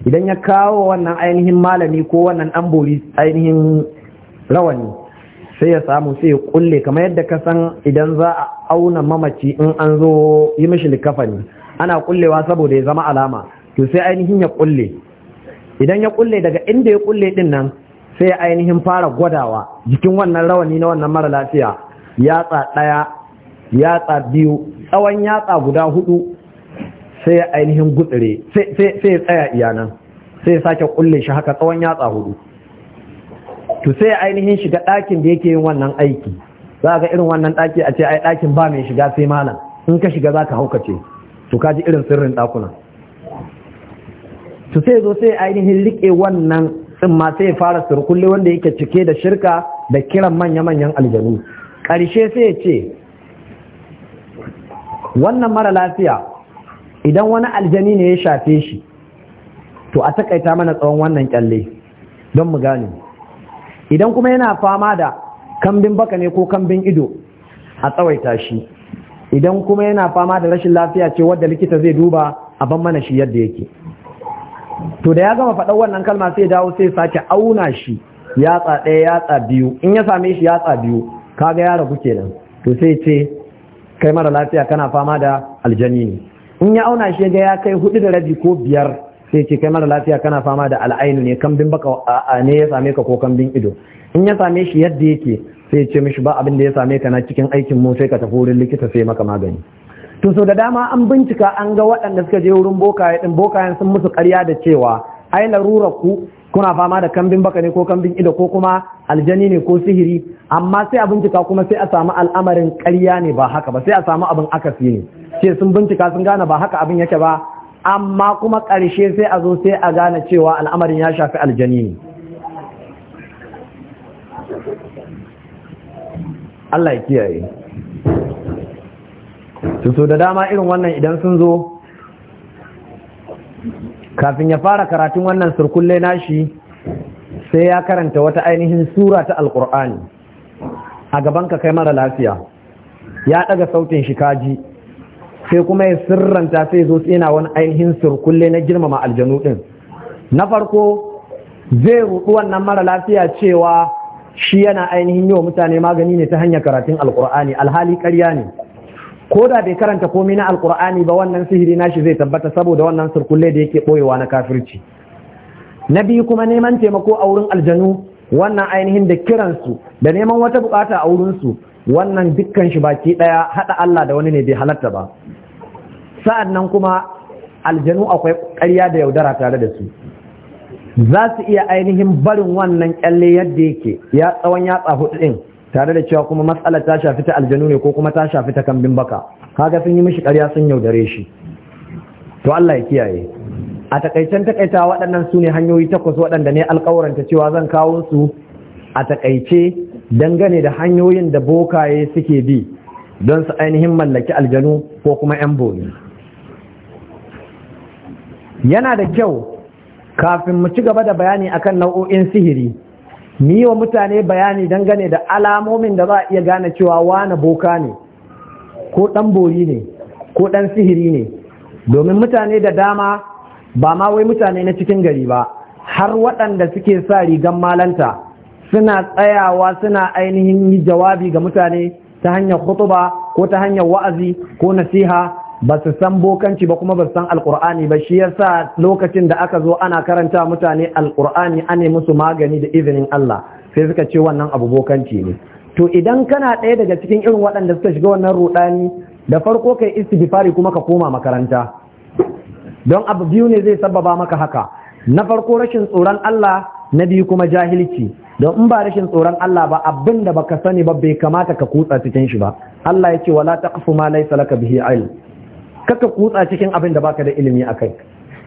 idan ya kawo wannan ainihin malami ko wannan ɗan bori ainihin rawani sai ya samu sai ya kulle kamar yadda ka san idan za a auna mamaci in an zo yi mishi likafani ana kullewa saboda ya zama alama to sai ainihin ya kulle idan ya kulle daga inda ya kulle din nan sai ya ainihin fara gwadawa jikin wannan rawani na wannan mara lafiya yatsa ɗaya yatsa biyu tsawon yatsa guda hudu sai ya ainihin gutsire sai ya tsaya iyanan sai ya sake kulle shi haka tsawon yatsa hudu to sai ya ainihin shiga ɗakin da yake yin wannan aiki za ga irin wannan ɗaki a ce ai ɗakin ba mai shiga sai malam in ka shiga za ka ce, to ka ji irin sirrin ɗakunan to sai zo sai ainihin rike wannan tsimma sai fara surkulle wanda yake cike da shirka da kiran manya-manyan aljanu ƙarshe sai ce wannan mara lafiya idan wani aljani ne ya shafe shi to a takaita mana tsawon wannan kyalle don mu gane idan kuma yana fama da kambin baka ne ko kambin ido a tsawaita shi idan kuma yana fama da rashin lafiya ce wadda likita zai duba a ban mana shi yadda yake to da ya gama faɗa wannan kalma sai dawo sai sake auna shi yatsa ɗaya yatsa biyu in ya same shi yatsa biyu kaga ya kuke kenan to sai ce kai mara lafiya kana fama da aljani ne in ya auna shi ga ya kai hudu da rabi ko biyar sai ce kai mara lafiya kana fama da al'ainu ne kambin baka a ne ya same ka ko kambin ido in ya same shi yadda yake sai ce mishi ba abin da ya same ka na cikin aikin mu sai ka tafi wurin likita sai maka magani to so da dama an bincika an ga waɗanda suka je wurin bokaye din bokayen sun musu karya da cewa ai larurar ku kuna fama da kambin baka ne ko kambin ido ko kuma aljani ne ko sihiri amma sai a bincika kuma sai a samu al'amarin ƙarya ne ba haka ba sai a samu abin akasi ne ce sun bincika sun gane ba haka abin yake ba amma kuma ƙarshe sai a zo sai a gane cewa al'amarin ya shafi aljani ne Allah ya kiyaye su so da dama irin wannan idan sun zo kafin ya fara karatun wannan surkulle nashi sai ya karanta wata ainihin sura ta alkur'ani a gaban ka kai mara lafiya ya daga sautin shi kaji sai kuma ya sirranta sai zo tsina wani ainihin surkulle na girmama aljanu din na farko zai rudu wannan mara lafiya cewa shi yana ainihin yi wa mutane magani ne ta hanyar karatun alkur'ani alhali karya ne ko da bai karanta komai na alkur'ani ba wannan sihiri nashi zai tabbata saboda wannan surkulle da yake boyewa na kafirci na biyu kuma neman taimako a wurin aljanu wannan ainihin da kiransu da neman wata bukata a wurinsu wannan dukkan shi baki daya hada Allah da wani ne bai halarta ba sa'an nan kuma aljanu akwai ƙarya da yaudara tare da su za su iya ainihin barin wannan kyalle yadda yake ya tsawon yatsa hudu din tare da cewa kuma matsalar ta shafi ta aljanu ne ko kuma ta shafi ta kambin baka kaga sun yi mishi ƙarya sun yaudare shi to Allah ya kiyaye a takaicen takaita waɗannan su ne hanyoyi takwas waɗanda ne alƙawaranta cewa zan kawo su a takaice dangane da hanyoyin da bokaye suke bi don su ainihin mallaki aljanu ko kuma 'yan boni yana da kyau kafin mu ci gaba da bayani akan nau'o'in sihiri mu yi wa mutane bayani dangane da alamomin da za a iya gane cewa wane boka ne ko ɗan bori ne ko ɗan sihiri ne domin mutane da dama ba ma wai mutane na cikin gari ba har waɗanda suke sa rigan malanta suna tsayawa suna ainihin jawabi ga mutane ta hanyar hutuba ko ta hanyar wa'azi ko nasiha ba su san bokanci ba kuma ba su san alkur'ani ba shi yasa lokacin da aka zo ana karanta mutane alkur'ani ane musu magani da izinin Allah sai suka ce wannan abu bokanci ne to idan kana ɗaya daga cikin irin waɗanda suka shiga wannan rudani da farko kai istighfari kuma ka koma makaranta don abu biyu ne zai sababa maka haka na farko rashin tsoron Allah na biyu kuma jahilci don in ba rashin tsoron Allah ba abin da baka sani ba bai kamata ka kutsa cikin shi ba Allah ya ce wala taqfu ma laysa laka bihi ilm kaka kutsa cikin abin da baka da ilimi a kai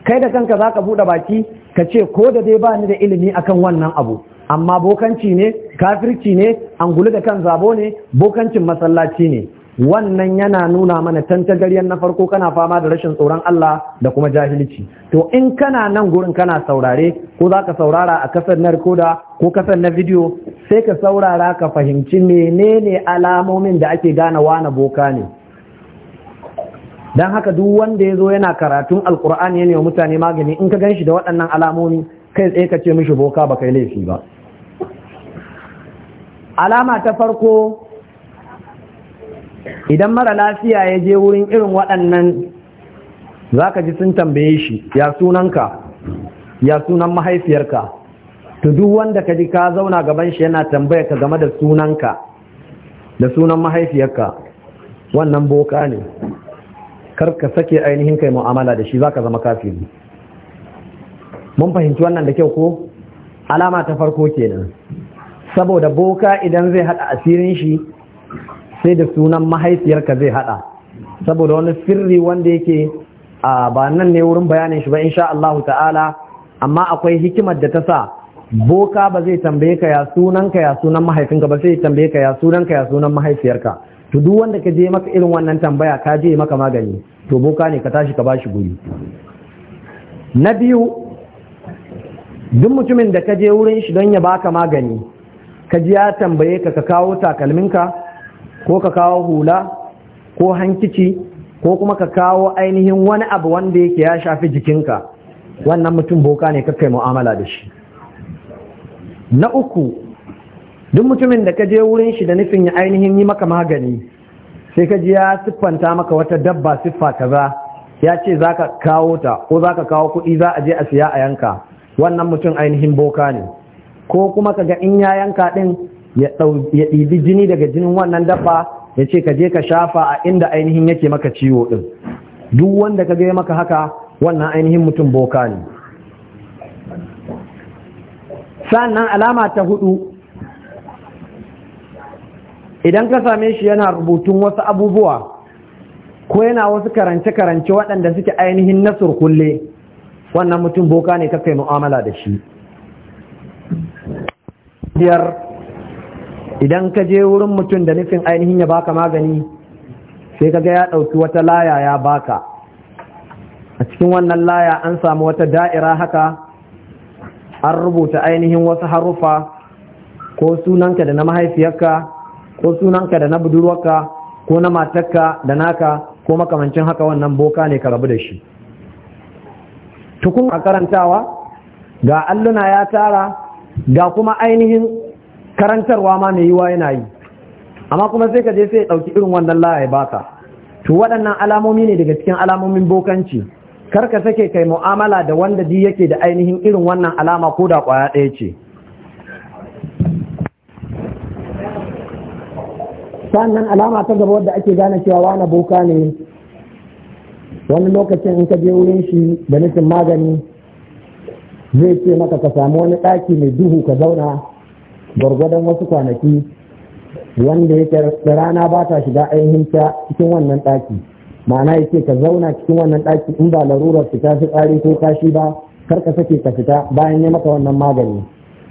kai da kanka zaka buɗe baki ka ce ko da dai ba ni da ilimi akan wannan abu amma bokanci ne kafirci ne angulu da kan zabo ne bokancin masallaci ne wannan yana nuna mana tantagaryen na farko kana fama da rashin tsoron Allah da kuma jahilci to in kana nan gurin kana saurare ko za ka saurara a kasar na rikoda ko kasar na bidiyo sai ka saurara ka fahimci menene alamomin da ake gane wane boka ne dan haka duk wanda ya zo yana karatun alkur'ani wa mutane magani in ka ganshi da waɗannan alamomi kai tsaye ka ce mishi boka ba kai laifi ba alama ta farko idan mara lafiya ya je wurin irin waɗannan za ka ji sun tambaye shi ya sunanka ya sunan mahaifiyarka to duk wanda ka ji ka zauna gaban shi yana tambaya ka game da sunanka da sunan mahaifiyarka wannan boka ne kar ka sake ainihin kai mu'amala da shi za ka zama kafiri mun fahimci wannan da kyau ko alama ta farko kenan saboda boka idan zai hada asirin shi sai da sunan mahaifiyarka zai hada saboda wani sirri wanda yake a ba nan ne wurin bayanin shi ba insha Allah ta'ala amma akwai hikimar da ta sa boka ba zai tambaye ka ya sunanka ya sunan mahaifinka ba sai tambaye ka ya sunanka ya sunan mahaifiyarka to duk wanda ka je maka irin wannan tambaya ka je maka magani to boka ne ka tashi ka bashi guri na biyu duk mutumin da ka je wurin shi don ya baka magani ka ji ya tambaye ka ka kawo takalminka ko ka kawo hula ko hankici ko kuma ka kawo ainihin wani abu wanda yake ya shafi jikinka wannan mutum boka ne kai mu'amala da shi na uku duk mutumin da ka je wurin shi da nufin ya ainihin yi maka magani sai ka ji ya siffanta maka wata dabba siffa kaza ya ce za ka kawo ta ko za ka kawo kuɗi za a je a siya a yanka wannan mutum ainihin boka ne ko kuma ka ga in ya yanka ɗin ya ɗibi jini daga jinin wannan dabba ya ce ka je ka shafa a inda ainihin yake maka ciwo ɗin duk wanda ka ga maka haka wannan ainihin mutum boka ne sannan alama ta hudu idan ka same shi yana rubutun wasu abubuwa ko yana wasu karance-karance waɗanda suke ainihin na surkulle wannan mutum boka ne kakai mu'amala da shi biyar idan ka je wurin mutum da nufin ainihin ya baka magani sai ka ga ya ɗauki wata laya ya baka a cikin wannan laya an samu wata da'ira haka an rubuta ainihin wasu haruffa ko sunanka da na mahaifiyarka ko sunanka da na budurwarka ko na matarka da naka ko makamancin haka wannan boka ne ka rabu da shi tukun a karantawa ga alluna ya tara ga kuma ainihin karantarwa ma mai yiwa yana yi amma kuma sai ka je sai ɗauki irin wannan laya baka to waɗannan alamomi ne daga cikin alamomin bokanci karka sake kai mu'amala da wanda di yake da ainihin irin wannan alama ko da ƙwaya ɗaya ce sannan alama ta gaba wadda ake gane cewa wani boka ne wani lokacin in ka je wurin shi da nufin magani zai ce maka ka samu wani ɗaki mai duhu ka zauna gwargwadon wasu kwanaki wanda ya yake rana ba ta shiga ainihin ta cikin wannan ɗaki ma'ana ya ce ka zauna cikin wannan ɗaki in ba larurar fita su tsari ko kashi ba kar ka sake ka fita bayan ya maka wannan magani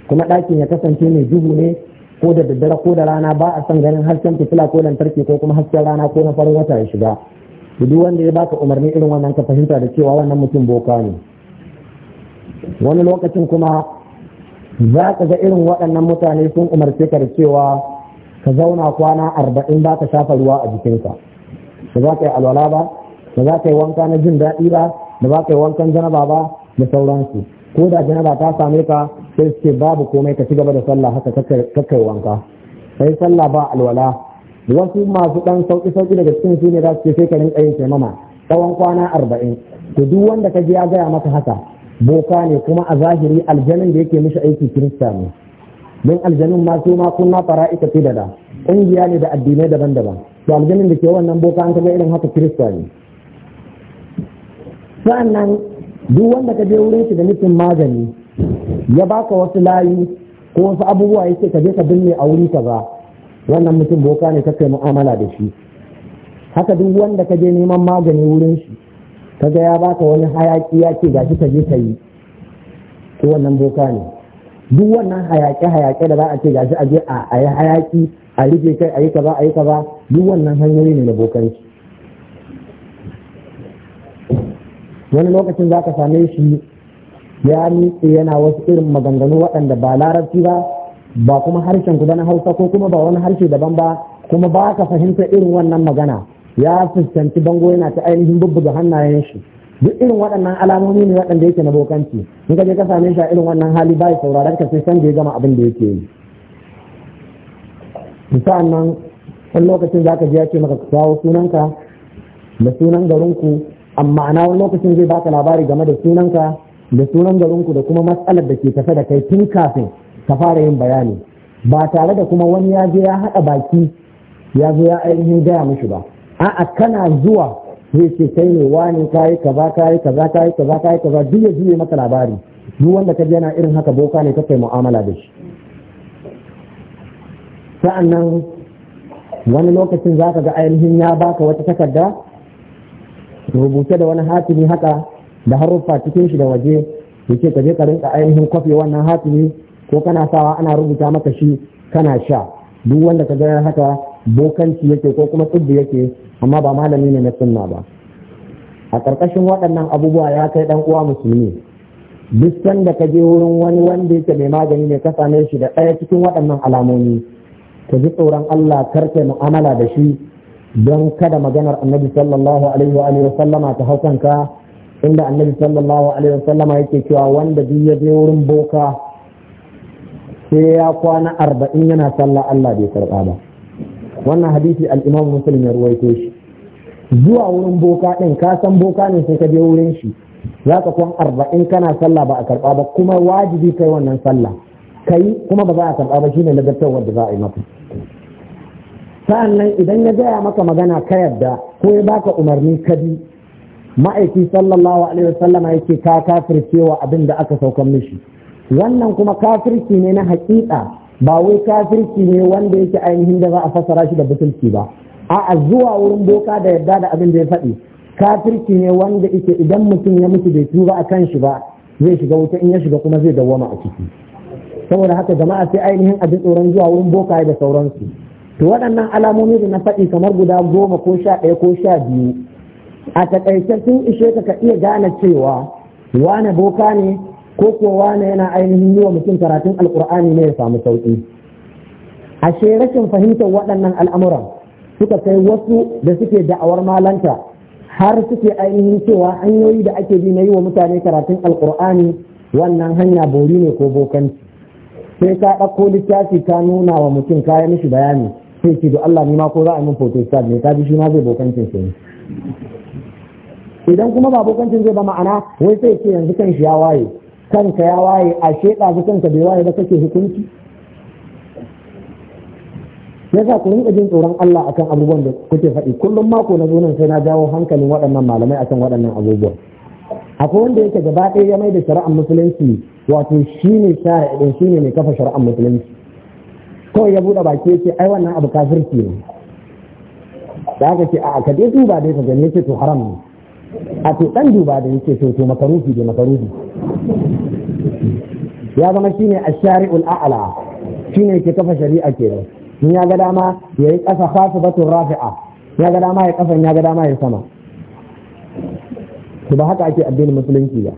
kuma ɗakin ya kasance mai duhu ne ko da daddare ko da rana ba a san ganin hasken fitila ko lantarki ko kuma hasken rana ko na farin wata ya shiga duk wanda ya baka umarni irin wannan ka fahimta da cewa wannan mutum boka ne wani lokacin kuma za ka ga irin waɗannan mutane sun umarce ka da cewa ka zauna kwana arba'in ba ka shafa ruwa a jikinka ba za ka yi alwala ba ba za ka yi wanka na jin daɗi ba ba za ka yi wankan janaba ba da sauransu ko da janaba ta same ka sai ce babu komai ka ci gaba da sallah haka kakai wanka sai sallah ba alwala wasu masu dan sauki sauki daga cikin su ne za su ce sai ka rinka yin taimama tsawon kwana arba'in to duk wanda ka je ya gaya maka haka boka ne kuma a zahiri aljanin da yake mishi aiki kirista ne don aljanin ma su ma kunna fara'ika ce da da ƙungiya ne da addinai daban-daban to aljanin da ke wannan boka an taɓa irin haka kirista ne sa'annan duk wanda ka je wurin shi da nufin magani ya baka wasu layi, ko wasu abubuwa yake ka je ka binne a wuri kaza wannan mutum boka ne kai mu'amala da shi haka duk wanda ka je neman magani wurin shi kaga ya baka wani hayaki ya ce gashi ka je ka yi ko wannan boka ne duk wannan hayake hayake da za a ce gashi a je a yi hayaki a rufe kai a yi kaza a yi kaza duk wannan hanyoyi ne na bokanci wani lokacin za ka same shi ya miƙe yana wasu irin maganganu waɗanda ba larabci ba ba kuma harshen ku na hausa ko kuma ba wani harshe daban ba kuma ba ka fahimta irin wannan magana ya fuskanci bango yana ta ainihin bubbuga hannayen shi duk irin waɗannan alamomi ne waɗanda yake na bokanci in ka je ka same shi a irin wannan hali ba ya sauraron ka sai san da ya gama abin da yake yi sa'annan wani lokacin za ka je ya ce maka kawo sunanka da sunan garinku amma ana wani lokacin zai baka labari game da sunanka da sunan garinku da kuma matsalar da ke tafe da kai tun kafin ka fara yin bayani ba tare da kuma wani ya je ya haɗa baki ya zo ya ainihin gaya mashi ba a'a kana zuwa zai ce kai ne wani kayi kaza kayi kaza kayi kaza kayi kaza duk ya juye maka labari duk wanda ka yana irin haka boka ne kake mu'amala da shi sa'annan wani lokacin za ka ga ainihin ya baka wata takarda rubuce da wani hatimi haka da haruffa cikin shi da waje yake ka je ka rinka ainihin kwafi wannan hatimi ko kana sawa ana rubuta maka shi kana sha duk wanda ka ga haka bokanci yake ko kuma tsibbi yake amma ba malami ne na sunna ba a ƙarƙashin waɗannan abubuwa ya kai ɗan uwa musulmi duk sanda ka je wurin wani wanda yake mai magani ne ka same shi da ɗaya cikin waɗannan alamomi ka ji tsoron Allah karfe mu'amala da shi don kada maganar annabi sallallahu alaihi wa sallama ta hau kanka inda annabi sallallahu alaihi wasallama yake cewa wanda duk ya je wurin boka sai ya kwana arba'in yana sallah Allah bai karɓa ba wannan hadisi al-Imam Muslim ya ruwaito shi zuwa wurin boka ɗin ka san boka ne sai ka je wurin shi za ka kwan arba'in kana sallah ba a karɓa ba kuma wajibi kai wannan sallah kai kuma ba za a karɓa ba shine ladattarwar wanda za a yi maka sa'annan idan ya gaya maka magana ka yadda ko ya baka umarni ka bi ma'aiki sallallahu alaihi wasallam yake ka kafircewa abin da aka saukan mishi wannan kuma kafirci ne na hakika. ba wai kafirci ne wanda yake ainihin da za a fassara shi da butulci ba a'a zuwa wurin boka da yarda da abin da ya faɗi kafirci ne wanda yake idan mutum ya mutu bai tuba a kan shi ba zai shiga wuta in ya shiga kuma zai dawwama a ciki saboda haka jama'a sai ainihin abin tsoron zuwa wurin boka da sauransu to waɗannan alamomi da na faɗi kamar guda goma ko sha ɗaya ko sha biyu a takaice sun ishe ka iya gane cewa wane boka ne ko ko wane yana ainihin yi wa mutum karatun alkur'ani ne ya samu sauƙi A rashin fahimtar waɗannan al'amuran suka kai wasu da suke da'awar malanta har suke ainihin cewa hanyoyi da ake bi na yi wa mutane karatun alkur'ani wannan hanya bori ne ko bokanci sai ka ɗauko littafi ka nuna wa mutum kaya mishi bayani sai ki da Allah ni ma ko za a yi min foto ne ka ji shi ma zai bokancin shi idan kuma ba bokancin zai ba ma'ana wai sai ce yanzu kan shi ya waye kanka ya waye a sheɗa su kanka bai waye ba kake hukunci yasa ku rinka jin tsoron Allah akan abubuwan da kuke faɗi kullum mako na zo sai na jawo hankalin waɗannan malamai akan waɗannan abubuwan akwai wanda yake gaba ɗaya ya mai da shari'ar musulunci wato shi ne shari'a shi ne mai kafa shari'ar musulunci kawai ya buɗe baki yake ai wannan abu kafirci ne da aka ce a ka dai duba dai ka gani yake to haram ne a ce ɗan duba da yake to to makarufi da makarufi ya zama shine ash-shari'ul shi shine ke kafa shari'a kenan in ya ga dama ya yi ƙasa batun rafi'a ya ga dama ya ƙasa ya ga dama ya sama ba haka ake addinin musulunci ba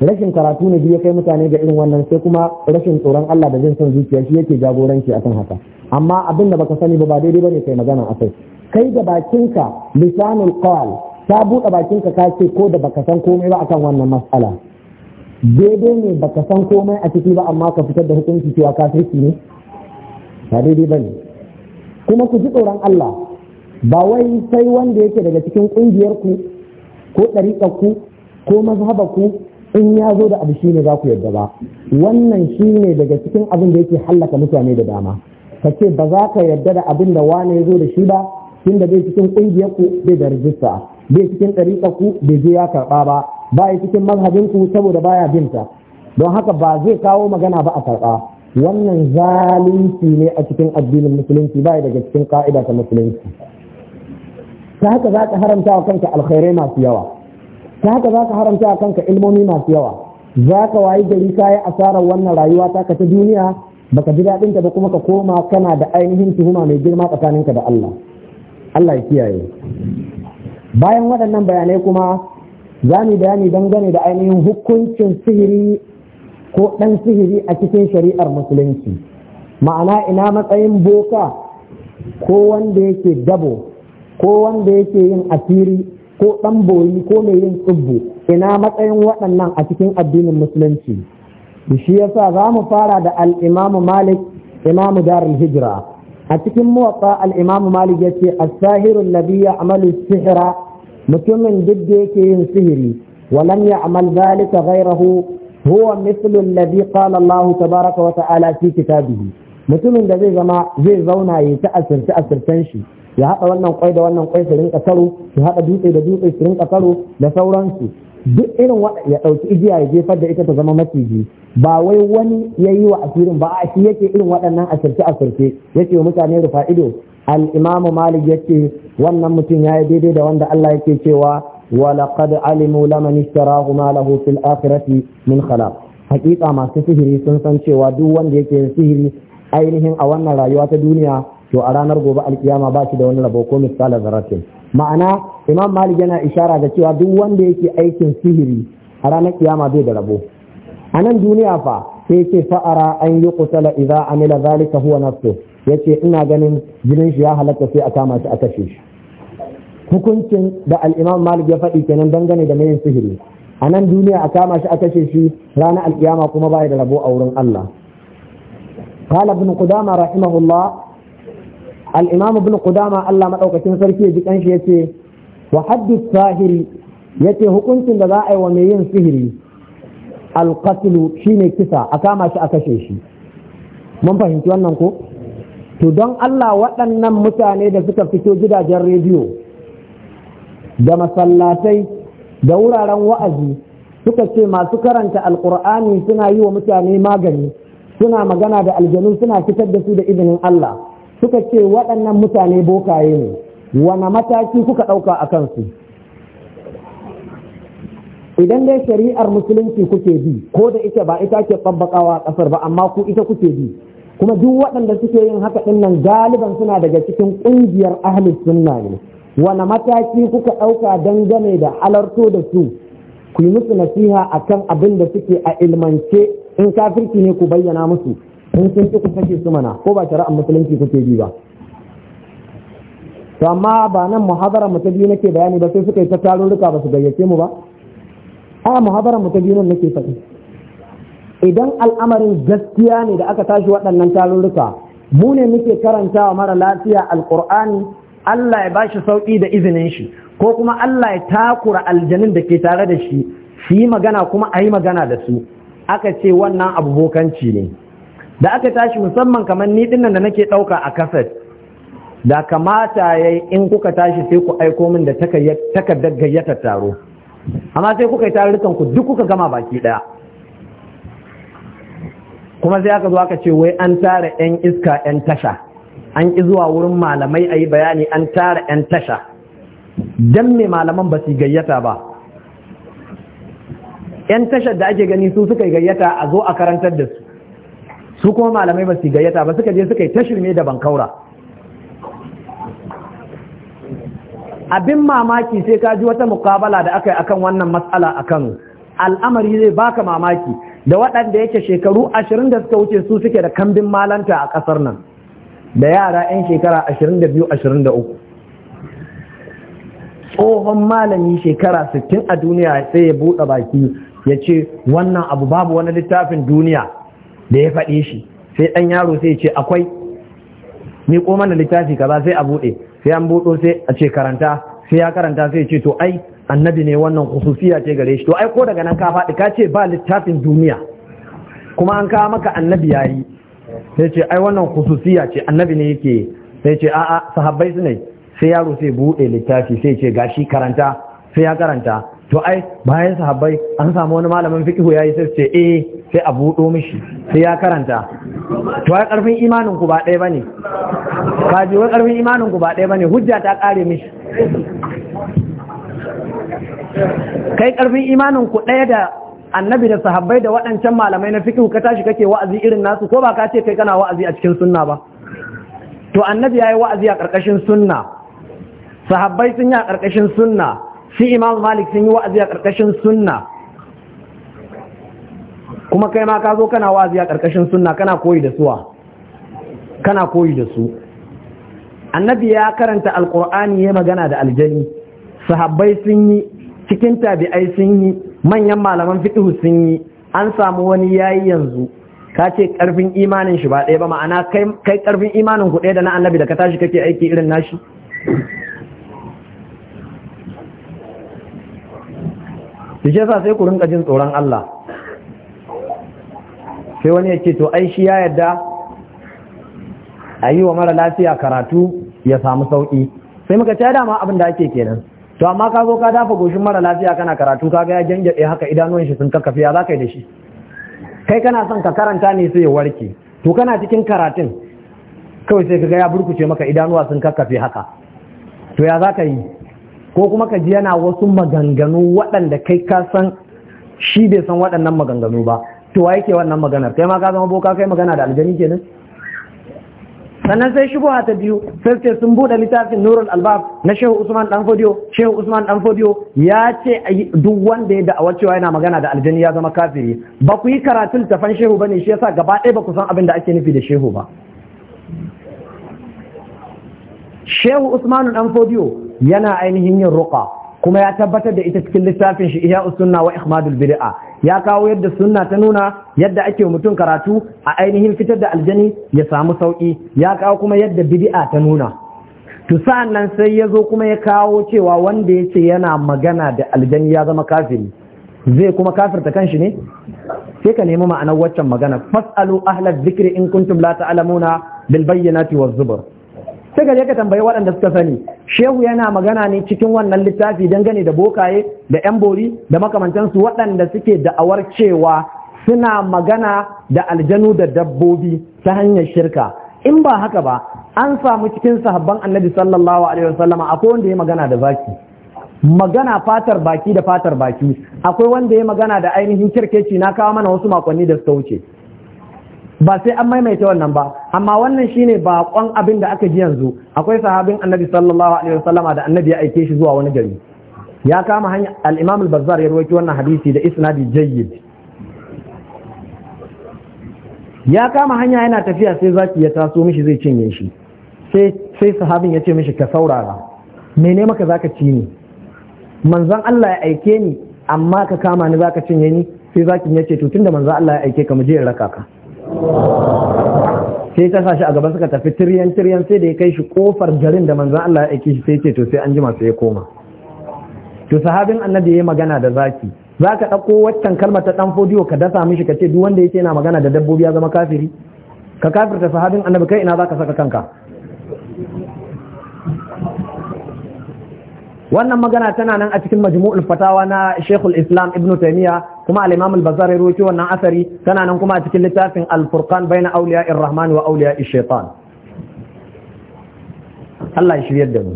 rashin karatu ne biyu kai mutane ga irin wannan sai kuma rashin tsoron Allah da jin son zuciya shi yake jagoranci akan haka amma abin da baka sani ba ba daidai bane kai magana akai kai da bakinka lisanul qawl ta buɗe bakin ka ce ko da baka san komai ba akan wannan matsala daidai ne baka san komai a ciki ba amma ka fitar da hukunci cewa kafirci ne ba daidai ba ne kuma ku ji tsoron Allah ba wai sai wanda yake daga cikin ƙungiyar ku ko ɗariƙar ku ko mazhabar ku in ya zo da abu shi ne za ku yarda ba wannan shi ne daga cikin abin da yake hallaka mutane da dama ka ce ba za ka yarda da abin da wane ya zo da shi ba tunda bai cikin ƙungiyar ku bai da rijista bai cikin ɗariƙa ku bai je ya karɓa ba ba ya cikin mazhabin ku saboda baya binta, don haka ba zai kawo magana ba a karɓa wannan zalunci ne a cikin addinin musulunci ba daga cikin ka'ida ta musulunci ta haka za ka haramta wa kanka alkhairai masu yawa ta haka za ka haramta wa kanka ilmomi masu yawa za ka wayi gari ka yi asarar wannan rayuwa ta ka ta duniya baka ji daɗinta ba kuma ka koma kana da ainihin tuhuma mai girma tsakaninka da Allah Allah ya kiyaye bayan waɗannan bayanai kuma za mu bayani dangane da ainihin hukuncin sihiri ko ɗan sihiri a cikin shari'ar musulunci ma'ana ina matsayin boka ko wanda yake dabo ko wanda yake yin asiri ko ɗan boyi ko mai yin tsubbu ina matsayin waɗannan a cikin addinin musulunci shi yasa za mu fara da al'imamu malik imamu darul hijira a cikin muwatsa al'imamu malik ya ce asahirun nabi ya amalu sihira mutumin duk da yake yin sihiri walam ya'mal zalika ghayrahu huwa mithlu alladhi qala Allah tabaraka wa ta'ala fi kitabihi mutumin da zai zama zai zauna ya ta asirce asircen shi ya haɗa wannan kwai da wannan kwai su rinka karo su haɗa dutse da dutse su rinka karo da sauransu duk irin ya ɗauki igiya ya jefar da ita ta zama maciji ba wai wani ya yi wa asirin ba a shi yake irin waɗannan asirce asirce yake wa mutane rufa ido al-imam malik yace wannan mutum yayi daidai da wanda Allah yake cewa wa laqad alimu laman ishtarahu ma lahu fil akhirati min khalaq hakika masu sihiri sun san cewa duk wanda yake sihiri ainihin a wannan rayuwa ta duniya to a ranar gobe alkiyama ba shi da wani rabo ko misalan zaratin ma'ana imam malik yana ishara da cewa duk wanda yake aikin sihiri a ranar kiyama bai da rabo a nan duniya fa sai ce fa'ara an yi kusala idza amila zalika huwa nafsuhu ya ce ina ganin jinin shi ya halatta sai a kama shi a kashe shi hukuncin da al'imam malik ya faɗi kenan dangane da mayin sihiri a nan duniya a kama shi a kashe shi ranar alkiyama kuma ba da rabo a wurin Allah قال ابن قدامة رحمه الله الإمام ابن قدامة الله مدعوك تنسركي يجيك يتي وحد الساهر يتي shine لذائي وميين سهري القتل شيني كسا أكاما شأكشيشي من فهمت أنكو to don Allah waɗannan mutane da suka fito gidajen rediyo da masallatai da wuraren wa'azi suka ce masu karanta Alƙur'ani suna yi wa mutane magani suna magana da aljanu suna fitar da su da izinin Allah suka ce waɗannan mutane bokaye ne wane mataki kuka ɗauka a kansu idan dai shari'ar musulunci kuke bi ko da ita ba ita ke a ƙasar ba amma ku ita kuke bi kuma duk waɗanda suke yin haka ɗin nan galiban suna daga cikin ƙungiyar ahli sunna ne wani mataki kuka ɗauka dangane da halarto da su ku yi musu nasiha a kan abin da suke a ilmance in kafirki ne ku bayyana musu in sun ci ku kashe su mana ko ba shari'ar musulunci kuke bi ba to amma ba nan muhabara mu ta biyu nake bayani ba sai suka yi ta tarurruka ba su gayyace mu ba a muhabara mu ta biyu nan nake faɗi idan al'amarin gaskiya ne da aka tashi waɗannan tarurruka mu ne muke karantawa mara lafiya alkur'ani Allah ya bashi sauƙi da izinin shi ko kuma Allah ya takura aljanin da ke tare da shi su yi magana kuma a yi magana da su aka ce wannan abu bokanci ne da aka tashi musamman kamar ni dinnan da nake ɗauka a kaset da kamata ya in kuka tashi sai ku aiko min da takardar gayyatar taro amma sai kuka yi tarurrukan ku duk kuka gama baki ɗaya kuma sai aka zo aka ce wai an tara 'yan iska 'yan tasha an ƙi zuwa wurin malamai a yi bayani an tara 'yan tasha don me malaman ba su gayyata ba 'yan tashar da ake gani su suka yi gayyata a zo a karantar da su su kuma malamai ba su gayyata ba suka je suka yi tashir ne da bankaura abin mamaki sai ka ji wata mukabala da aka yi akan wannan matsala a kano al'amari zai baka mamaki da waɗanda yake shekaru ashirin da suka wuce su suke da kambin malanta a ƙasar nan da yara 'yan shekara ashirin da biyu ashirin da uku tsohon malami shekara sittin a duniya sai ya buɗe baki ya ce wannan abu babu wani littafin duniya da ya faɗe shi sai ɗan yaro sai ce akwai ni ko mana littafi kaza sai a buɗe sai an buɗo sai a ce karanta sai ya karanta sai ce to ai annabi ne wannan khususiya ce gare shi to ai ko daga nan ka faɗi ka ce ba littafin duniya kuma an kawo maka annabi ya yi, sai ce ai wannan khususiya ce annabi ne yake sai ce a'a sahabbai su ne sai yaro sai buɗe littafi sai ce gashi karanta sai ya karanta to ai bayan sahabbai an samu wani malamin fiqhu yayi sai ce eh sai a buɗo mishi sai ya karanta to ai karfin imanin ku ba ɗaya bane ji wai karfin imanin ku ba ɗaya bane hujja ta kare mishi kai karfin imanin ku ɗaya da annabi da sahabbai da waɗancan malamai na fiqh ka tashi kake wa'azi irin nasu ko ba ka ce kai kana wa'azi a cikin sunna ba to annabi yayi wa'azi a ƙarƙashin sunna sahabbai sun yi a ƙarƙashin sunna shi imam malik sun yi wa'azi a ƙarƙashin sunna kuma kai ma ka zo kana wa'azi a ƙarƙashin sunna kana koyi da suwa kana koyi da su annabi ya karanta alƙur'ani ya magana da aljani sahabbai sun yi cikin tabi'ai sun yi manyan malaman fiɗihu sun yi an samu wani yayi yanzu ka ce ƙarfin imanin shi ba ɗaya ba ma'ana kai ƙarfin imanin ku ɗaya da na annabi da ka tashi kake aiki irin nashi shi yasa sai ku rinka jin tsoron Allah sai wani ya ce to ai shi ya yarda a yi wa mara lafiya karatu ya samu sauƙi sai muka ce dama abin da ake kenan to amma ka zo ka dafa goshin mara lafiya kana karatu ka ga ya jangade haka idanuwan shi sun kakkafe ya zaka yi da shi kai kana son ka karanta ne sai ya warke to kana cikin karatun kawai sai kaga ya burkuce maka idanuwa sun kakkafe haka to ya zaka yi ko kuma ka ji yana wasu maganganu waɗanda kai ka san shi bai san waɗannan maganganu ba to wa yake wannan maganar kai ma ka zama boka kai magana da aljani kenan sannan sai shubuha ta biyu sai ce sun bude littafin nurul albab na shehu usman dan fodiyo shehu usman dan fodiyo ya ce duk wanda ya da'awar cewa yana magana da aljani ya zama kafiri ba ku yi karatun tafan shehu bane shi yasa gaba ɗaya ba ku san abin da ake nufi da shehu ba shehu usman dan fodiyo yana ainihin yin ruqa kuma ya tabbatar da ita cikin littafin shi iya sunna wa ihmadul bid'a ya kawo yadda sunna ta nuna yadda ake mutum karatu a ainihin fitar da aljani ya samu sauki ya kawo kuma yadda bid'a ta nuna to sa'an nan sai ya zo kuma ya kawo cewa wanda ya ce yana magana da aljani ya zama kafiri zai kuma kafirta kanshi ne sai ka nemi ma'anar waccan magana fasalu ahlaz zikri in kuntum la ta'lamuna bil bayyinati waz zubur sai ka je ka tambayi waɗanda suka sani shehu yana magana ne cikin wannan littafi dangane da bokaye da yan bori da makamantansu waɗanda suke da'awar cewa suna magana da aljanu da dabbobi ta hanyar shirka in ba haka ba an samu cikin sahabban annabi sallallahu alaihi wasallama akwai wanda ya magana da zaki magana fatar baki da fatar baki akwai wanda ya magana da ainihin kirkeci na kawo mana wasu makonni da suka wuce ba sai an maimaita wannan ba amma wannan shine baƙon abin da aka ji yanzu akwai sahabin annabi sallallahu alaihi wasallama da annabi ya aike shi zuwa wani gari ya kama hanya al-imam al-bazzar ya rawaito wannan hadisi da isnadi jayyid ya kama hanya yana tafiya sai zaki ya taso mishi zai cinye shi sai sai sahabin ya ce mishi ka saurara mene maka zaka ci ni manzon Allah ya aike ni amma ka kama ni zaka cinye ni sai zakin ya ce to tunda manzon Allah ya aike ka mu je raka ka sai ka sa shi a gaban suka tafi tiryan tiryan sai da ya kai shi kofar garin da manzan Allah ya aike shi sai ce to sai an jima sai ya koma to sahabin annabi yi magana da zaki za ka ɗauko waccan kalmar ta ɗan fodiyo ka dasa mishi ka ce duk wanda ya ce yana magana da dabbobi ya zama kafiri ka kafirta sahabin annabi kai ina ka saka kanka wannan magana tana nan a cikin majmu'ul fatawa na Sheikhul Islam Ibn Taymiyyah kuma al-imam al-bazari wannan asari tana nan kuma a cikin littafin al-furqan baina awliya'ir rahman wa awliya'ish shaitan Allah ya shiryar da mu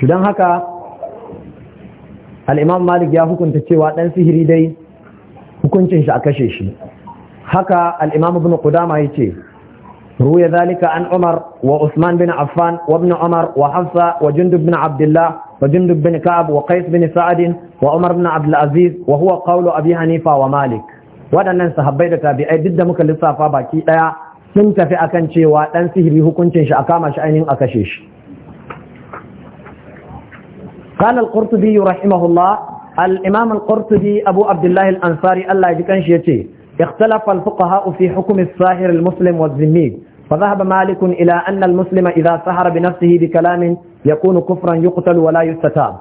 to dan haka al-imam malik ya hukunta cewa dan sihiri dai hukuncin shi a kashe shi haka al-imam ibn qudama yace روي ذلك عن عمر وعثمان بن عفان وابن عمر وحفصة wa بن عبد الله kab wa كعب bin بن wa umar بن عبد العزيز وهو قول ابي حنيفه ومالك waɗannan sahabbai da tabi'ai duk da muka lissafa baki ɗaya sun tafi akan cewa ɗan sihiri hukuncin shi a kama shi ainihin a kashe shi. Kan al-Qurtubi rahimahullah al-Imam al-Qurtubi Abu abdullahi al-Ansari Allah ya ji ya ce ikhtalafa al-fuqaha fi hukm as-sahir al-muslim wa az فذهب مالك إلى أن المسلم إذا سهر بنفسه بكلام يكون كفرا يقتل ولا يستتاب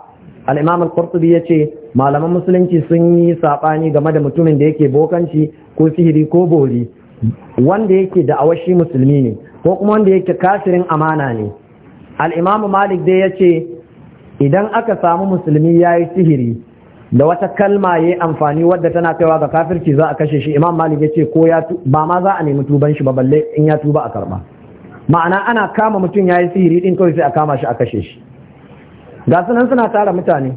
الإمام القرطبي يتي ما لما مسلم سني ساقاني game da mutumin da yake bokanci ko sihiri ko bori wanda yake da awashi musulmi ne ko kuma wanda yake kafirin amana ne al malik dai yace idan aka samu musulmi yi sihiri da wata kalma ya yi amfani wadda tana kaiwa ga kafirci za a kashe shi imam malik ya ce ko ya ba ma za a nemi tuban shi ba balle in ya tuba a karba ma'ana ana kama mutum ya yi sihiri din kawai sai a kama shi a kashe shi ga sunan suna tara mutane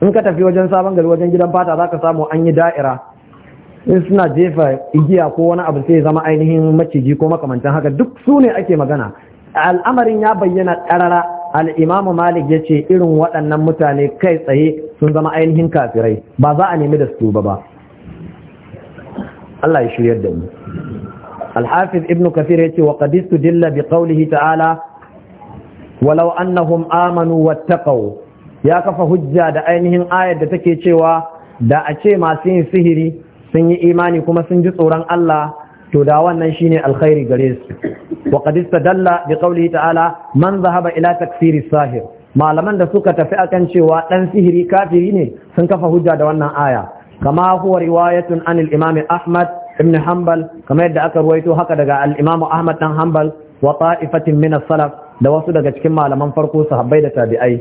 in ka tafi wajen sabon gari wajen gidan fata za zaka samu an yi da'ira in suna jefa igiya ko wani abu sai zama ainihin maciji ko makamantan haka duk su ne ake magana al'amarin ya bayyana ƙarara al'imamu malik ya ce irin waɗannan mutane kai tsaye sun zama ainihin kafirai ba za a nemi da su ba ba Allah ya shiryar da mu al ibn kafir ya ce wa qadistu dilla bi qawlihi ta'ala walau annahum amanu wattaqaw ya kafa hujja da ainihin ayar da take cewa da a ce masu yin sihiri sun yi imani kuma sun ji tsoron Allah to da wannan shine alkhairi gare su wa qad istadalla bi qawlihi ta'ala man zahaba ila takfiri sahir malaman da suka tafi akan cewa dan sihiri kafiri ne sun kafa hujja da wannan aya kama huwa riwayatun anil imam ahmad ibn hanbal kamar yadda aka ruwaito haka daga al imam ahmad dan hanbal wa ta'ifatin min as-salaf da wasu daga cikin malaman farko sahabbai da tabi'ai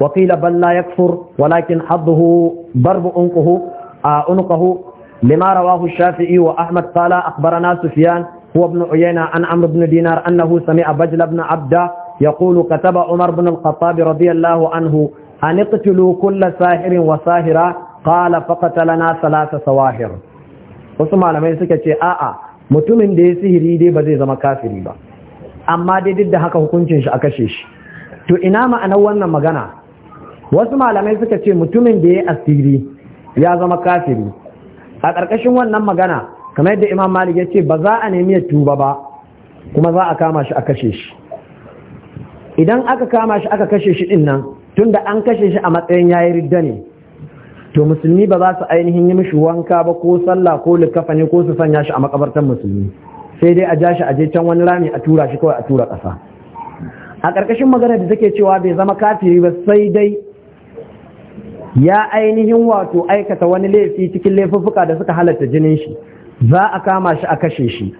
وقيل بل yakfur walakin ولكن حظه a عنقه عنقه لما رواه الشافعي وأحمد قال أخبرنا سفيان هو ابن عيينة عن عمرو بن دينار أنه سمع بجل بن عبده يقول كتب عمر بن الخطاب رضي الله عنه أن اقتلوا كل ساحر وساهرة قال فقتلنا ثلاث سواهر wasu malamai suka ce a'a mutumin da ya sihiri dai ba zama kafiri ba amma dai duk da haka hukuncin shi a kashe shi to ina ma'anar wannan magana wasu malamai suka ce mutumin da ya asiri ya zama kafiri a ƙarƙashin wannan magana kamar yadda imam malik ya ce ba za a nemi ya tuba ba kuma za a kama shi a kashe shi idan aka kama shi aka kashe shi din nan tunda an kashe shi a matsayin yayi ridda ne to musulmi ba za su ainihin yi mishi wanka ba ko sallah ko ne ko su sanya shi a makabartar musulmi sai dai a ja shi a je can wani rami a tura shi kawai a tura ƙasa a ƙarƙashin magana da take cewa bai zama kafiri ba sai dai ya ainihin wato aikata wani laifi cikin laifuffuka da suka halatta jinin shi za a kama shi a kashe shi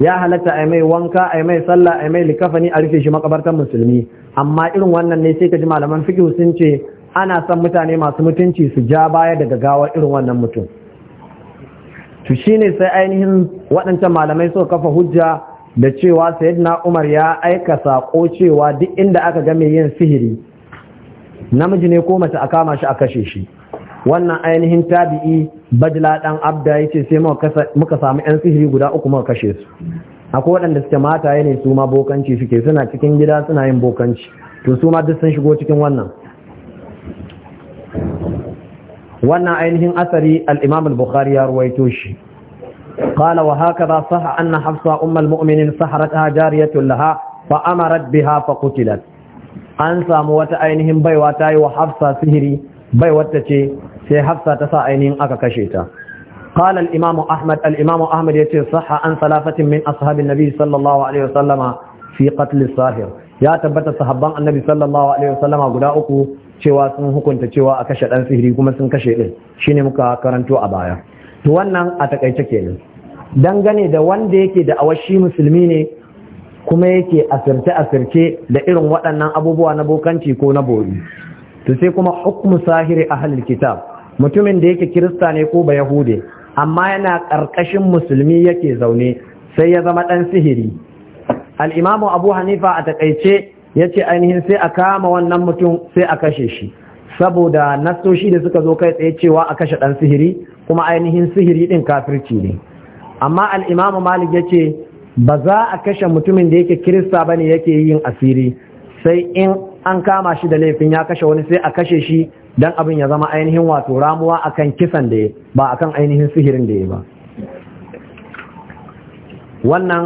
ya halatta a mai wanka a mai sallah a mai likafani a rufe shi makabartar musulmi amma irin wannan ne sai ka ji malaman fiqh sun ce ana son mutane masu mutunci su ja baya daga gawar irin wannan mutum to shine sai ainihin waɗancan malamai suka kafa hujja da cewa sayyidina Umar ya aika sako cewa duk inda aka ga mai yin sihiri namiji ne ko mace a kama shi a kashe shi wannan ainihin tabi'i Bajla dan abda yace sai muka samu yan sihiri guda uku muka kashe su akwai waɗanda suke mataye ne su ma bokanci suke suna cikin gida suna yin bokanci to su ma duk sun shigo cikin wannan wannan ainihin asari al-imam al-bukhari ya ruwaito shi قال وهكذا صح أن حفصة أم المؤمنين سحرتها جارية لها فأمرت بها فقتلت an samu wata ainihin baiwa ta yi wa hafsa sihiri bai wata ce sai hafsa ta sa ainihin aka kashe ta قال al imamu Ahmad ya ce صح عن ثلاثة من أصحاب النبي صلى الله عليه وسلم في قتل الساهر يا تبت صحابان النبي صلى Sallallahu Alaihi Wasallama guda uku, cewa sun hukunta cewa a kashe ɗan sihiri kuma sun kashe ɗin shine muka karanto a baya to wannan a takaice kenan dangane da wanda yake da awashi musulmi ne kuma yake asirce asirce da irin waɗannan abubuwa na bokanci ko na bori to sai kuma hukmu sahiri ahlul kitab mutumin da yake kirista ne ko ba yahude amma yana ƙarƙashin musulmi yake zaune sai ya zama ɗan sihiri al'imamu abu hanifa a taƙaice ya ce ainihin sai a kama wannan mutum sai a kashe shi saboda nasoshi da suka zo kai tsaye cewa a kashe ɗan sihiri kuma ainihin sihiri ɗin kafirci ne amma al'imamu malik ya ce ba za a kashe mutumin da yake kirista ba ne yake yin asiri sai in an kama shi da laifin ya kashe wani sai a kashe shi dan abin ya zama ainihin wato ramuwa akan kisan da ya ba akan ainihin sihirin da ya ba wannan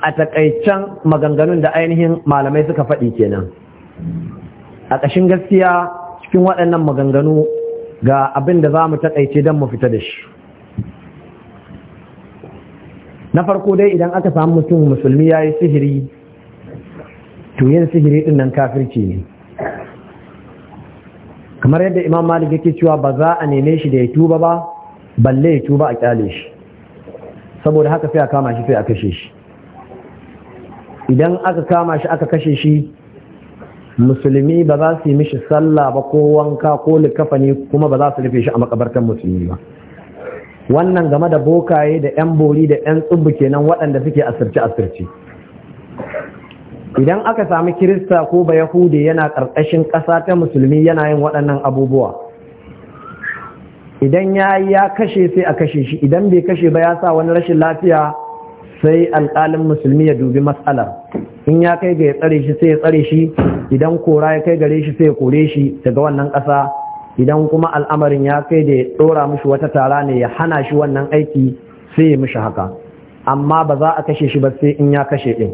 a takaicen maganganun da ainihin malamai suka faɗi kenan a ƙashin gaskiya cikin waɗannan maganganu ga abin da za mu takaice don mu fita da shi na farko dai idan aka samu mutum musulmi ya yi sihiri to yin sihiri din nan kafirci ne kamar yadda imam malik yake cewa ba za a neme shi da ya tuba ba balle ya tuba a kyale shi saboda haka sai a kama shi sai a kashe shi idan aka kama shi aka kashe shi musulmi ba za su yi mishi sallah ba ko wanka ko likafani kuma ba za su rufe shi a makabartar musulmi ba wannan game da bokaye da 'yan bori da 'yan tsubbu kenan waɗanda suke asirce-asirce idan aka sami kirista ko ba yahude yana ƙarƙashin ƙasa ta musulmi yana yin waɗannan abubuwa idan ya yi ya kashe sai a kashe shi idan bai kashe ba ya sa wani rashin lafiya sai alƙalin musulmi ya dubi matsalar in ya kai ga ya tsare shi sai ya tsare shi idan kora ya kai gare shi sai ya kore shi daga wannan ƙasa idan kuma al'amarin ya kai da ya ɗora mushi wata tara ne ya hana shi wannan aiki sai ya mushi haka amma ba za a kashe shi ba sai in ya kashe ɗin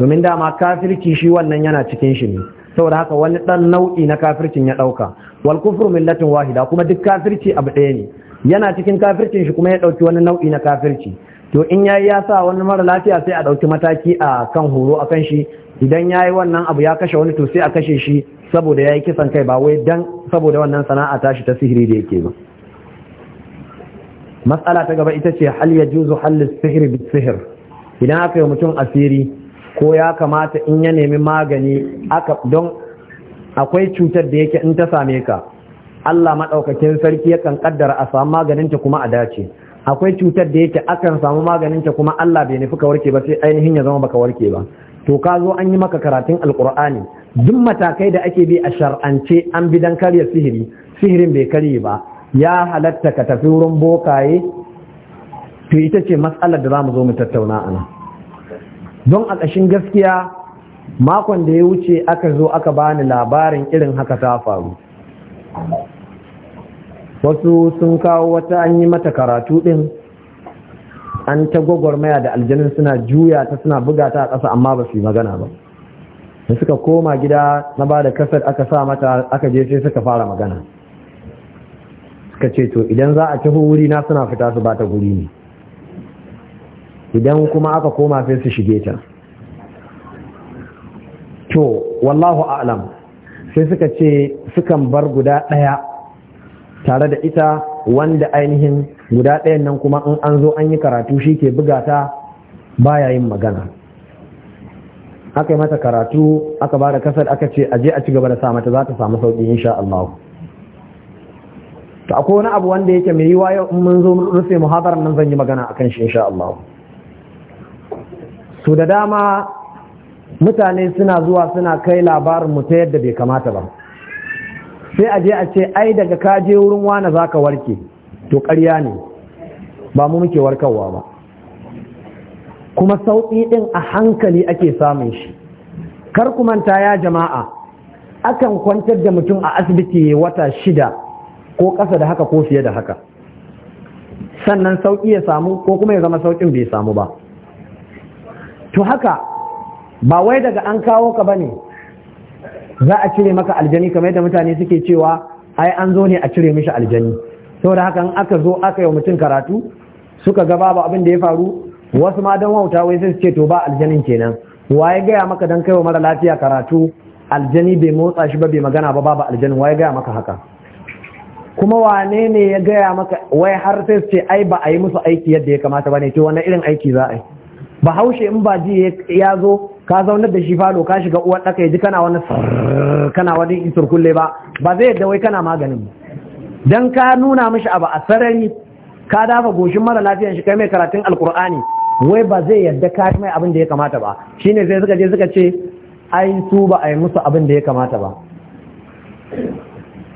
domin dama kafirci shi wannan yana cikin shi ne saboda haka wani ɗan nau'i na kafircin ya ɗauka wal kufru millatin wahida kuma duk kafirci abu ɗaya ne yana cikin kafircin shi kuma ya ɗauki wani nau'i na kafirci to in yayi ya sa wani mara lafiya sai a ɗauki mataki a kan horo a kan shi idan ya yi wannan abu ya kashe wani to sai a kashe shi saboda ya yi kisan kai ba wai dan saboda wannan sana'a tashi ta sihiri da yake ba matsala ta gaba ita ce hal ya juzu halin sihiri bi sihir idan aka yi mutum asiri ko ya kamata in ya nemi magani aka don akwai cutar da yake in ta same ka Allah maɗaukakin sarki yakan kaddara a samu maganinta kuma a dace akwai cutar da yake akan samu maganinta kuma Allah bai nufi ka warke ba sai ainihin ya zama baka warke ba to ka zo an yi maka karatun alkur'ani duk matakai da ake bi a shar'ance an bi dan karya sihiri sihirin bai karye ba ya halatta ka tafi wurin bokaye to ita ce matsalar da za mu zo mu tattauna a nan don a ƙashin gaskiya makon da ya wuce aka zo aka bani labarin irin haka ta faru wasu sun kawo wata an yi mata karatu din. an ta gwagwarmaya da aljanin suna juya ta suna buga ta a ƙasa amma ba su yi magana ba da suka koma gida na ba da kasar aka sa mata aka je sai suka fara magana suka ce to idan za a tafi wuri na suna fita su ba ta guri ne idan kuma aka koma sai su shige ta to wallahu a'lam sai suka ce sukan bar guda ɗaya tare da ita wanda ainihin guda ɗayan nan kuma in an zo an yi karatu shi ke buga ta baya yin magana aka yi mata karatu aka ba da kasar aka ce aje a ci gaba da sa mata za ta samu sauƙi insha Allah ta akwai wani abu wanda yake mai yiwa yau in mun zo rufe muhadarar nan zan yi magana a kan shi insha Allah Su da dama mutane suna zuwa suna kai labarin mu ta yadda bai kamata ba sai aje a ce ai daga ka je wurin za zaka warke to ƙarya ne ba mu muke warkarwa ba kuma sauƙi ɗin a hankali ake samun shi kar ku manta ya jama'a akan kwantar da mutum a asibiti wata shida ko ƙasa da haka ko fiye da haka sannan sauƙi ya samu ko kuma ya zama sauƙin bai samu ba to haka ba wai daga an kawo ka bane za a cire maka aljani kamar yadda mutane suke cewa ai an zo ne a cire mishi aljani saboda haka in aka zo aka yi mutum karatu suka ga babu abin da ya faru wasu ma dan wauta wai sai su ce to ba aljanin kenan waye gaya maka don kaiwa mara lafiya karatu aljani bai motsa shi ba bai magana ba babu aljanin waye gaya maka haka kuma wane ne ya gaya maka wai har sai su ce ai ba a yi musu aiki yadda ya kamata ba ne to wannan irin aiki za a yi bahaushe in ba ji ya zo ka zaunar da shi falo ka shiga uwar ɗaka ya ji kana wani kana wani kulle ba ba zai yadda wai kana maganin Don ka nuna mashi abu a sarari ka dafa goshin mara lafiyan shi kai mai karatun alkur'ani wai ba zai yadda ka mai abin da ya kamata ba shine sai suka je suka ce ai su ba a yi musu abin da ya kamata ba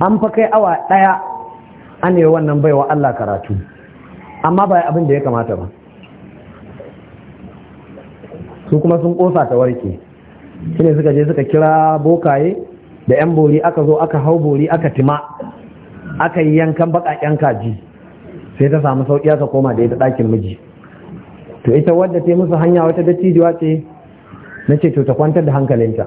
an fa kai awa daya an yi wannan baiwa Allah karatu amma ba abin da ya kamata ba su kuma sun kosa ta warke shine suka je suka kira bokaye da yan bori aka zo aka hau bori aka tima aka yi yankan baƙaƙen kaji sai ta samu sauƙi aka koma da ita ɗakin miji to ita wadda ta yi musu hanya wata dattijuwa ce na ce to ta kwantar da hankalinta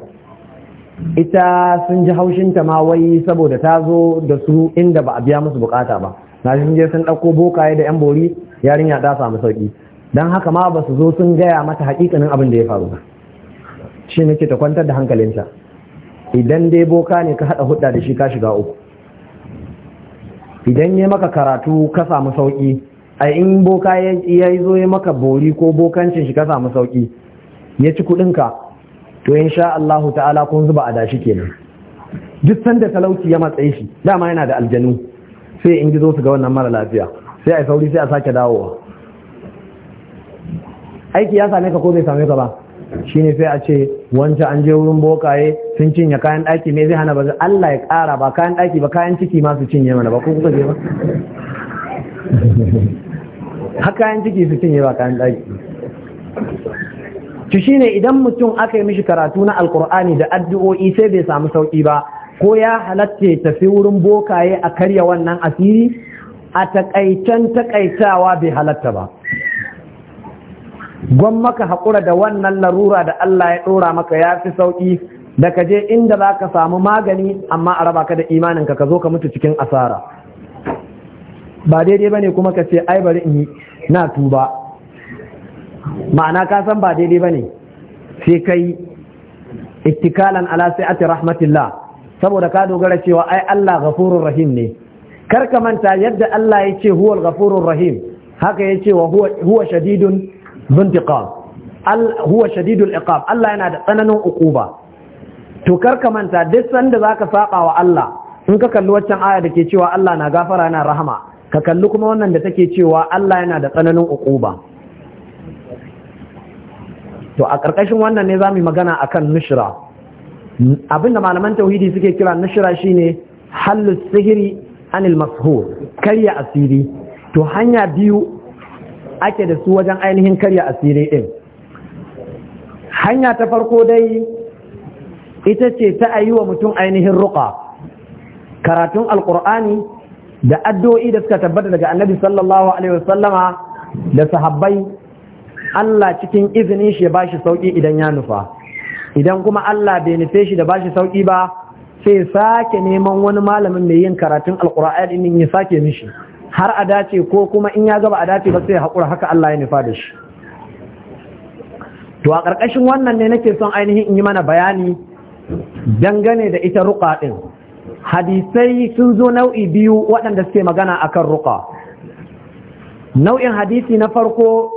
ita sun ji haushinta ma wai saboda ta zo da su inda ba a biya musu bukata ba na sun je sun ɗauko bokaye da yan bori yarinya ta samu sauƙi don haka ma ba su zo sun gaya mata haƙiƙanin abin da ya faru ba shi nake ta kwantar da hankalinta idan dai boka ne ka haɗa hudda da shi ka shiga uku idan ya maka karatu ka samu sauki a in boka ya zo ya maka bori ko bokancin shi ka samu sauki ya ci kudinka to sha Allahu ta'ala kun zuba a dashi kenan duk sanda talauci ya matsayi shi dama yana da aljanu sai in gizo su ga wannan mara lafiya sai a sauri sai a sake dawowa aiki ya same ka ko bai same ka ba ne sai a ce wancan an je wurin bokaye sun cinye kayan ɗaki ne zai hana ba Allah ya ƙara ba kayan ɗaki ba kayan ciki ma su cinye mana ba ko kuka je ba har kayan ciki su cinye ba kayan ɗaki shi ne idan mutum aka yi mishi karatu na alkur'ani da addu'o'i sai bai samu sauki ba ko ya halatta ya tafi wurin bokaye a karya wannan asiri a takaitan takaitawa bai halatta ba gwan maka haƙura da wannan larura da Allah ya ɗora maka ya fi sauƙi da ka je inda za ka samu magani amma a raba ka da imaninka ka zo ka mutu cikin asara ba daidai ba ne kuma ka ce ai bari in yi na tuba ma'ana ka san ba daidai ba ne sai ka yi ittikalan ala sai'ati rahmatillah saboda ka dogara cewa ai Allah ghafurur rahim ne kar ka manta yadda Allah ya ce huwal ghafurur rahim haka ya ce wa huwa shadidun zintiqam huwa shadidul iqab Allah yana da tsananin uquba to karka manta duk sanda zaka saba wa Allah in ka kalli waccan aya da ke cewa Allah na gafara yana rahama ka kalli kuma wannan da take cewa Allah yana da tsananin uquba to a ƙarƙashin wannan ne zamu magana akan nushra abinda malaman tauhidi suke kira nushra shine halus sihiri anil mashur karya asiri to hanya biyu ake da su wajen ainihin karya asiri ɗin hanya ta farko dai ita ce ta ayi wa mutum ainihin ruƙa karatun alƙur'ani da addu'o'i da suka tabbata daga annabi sallallahu alaihi wasallama da sahabbai Allah cikin izinin shi ya bashi sauƙi idan ya nufa idan kuma Allah bai nufe shi da bashi sauƙi ba sai sake neman wani malamin mai yin karatun alƙur'ani ya sake mishi har a dace ko kuma in ya gaba a dace ba sai haƙura haka Allah ya nufa da shi to a ƙarƙashin wannan ne nake son ainihin in yi mana bayani dangane da ita ruƙa ɗin hadisai sun zo nau'i biyu waɗanda suke magana a kan ruƙa nau'in hadisi na farko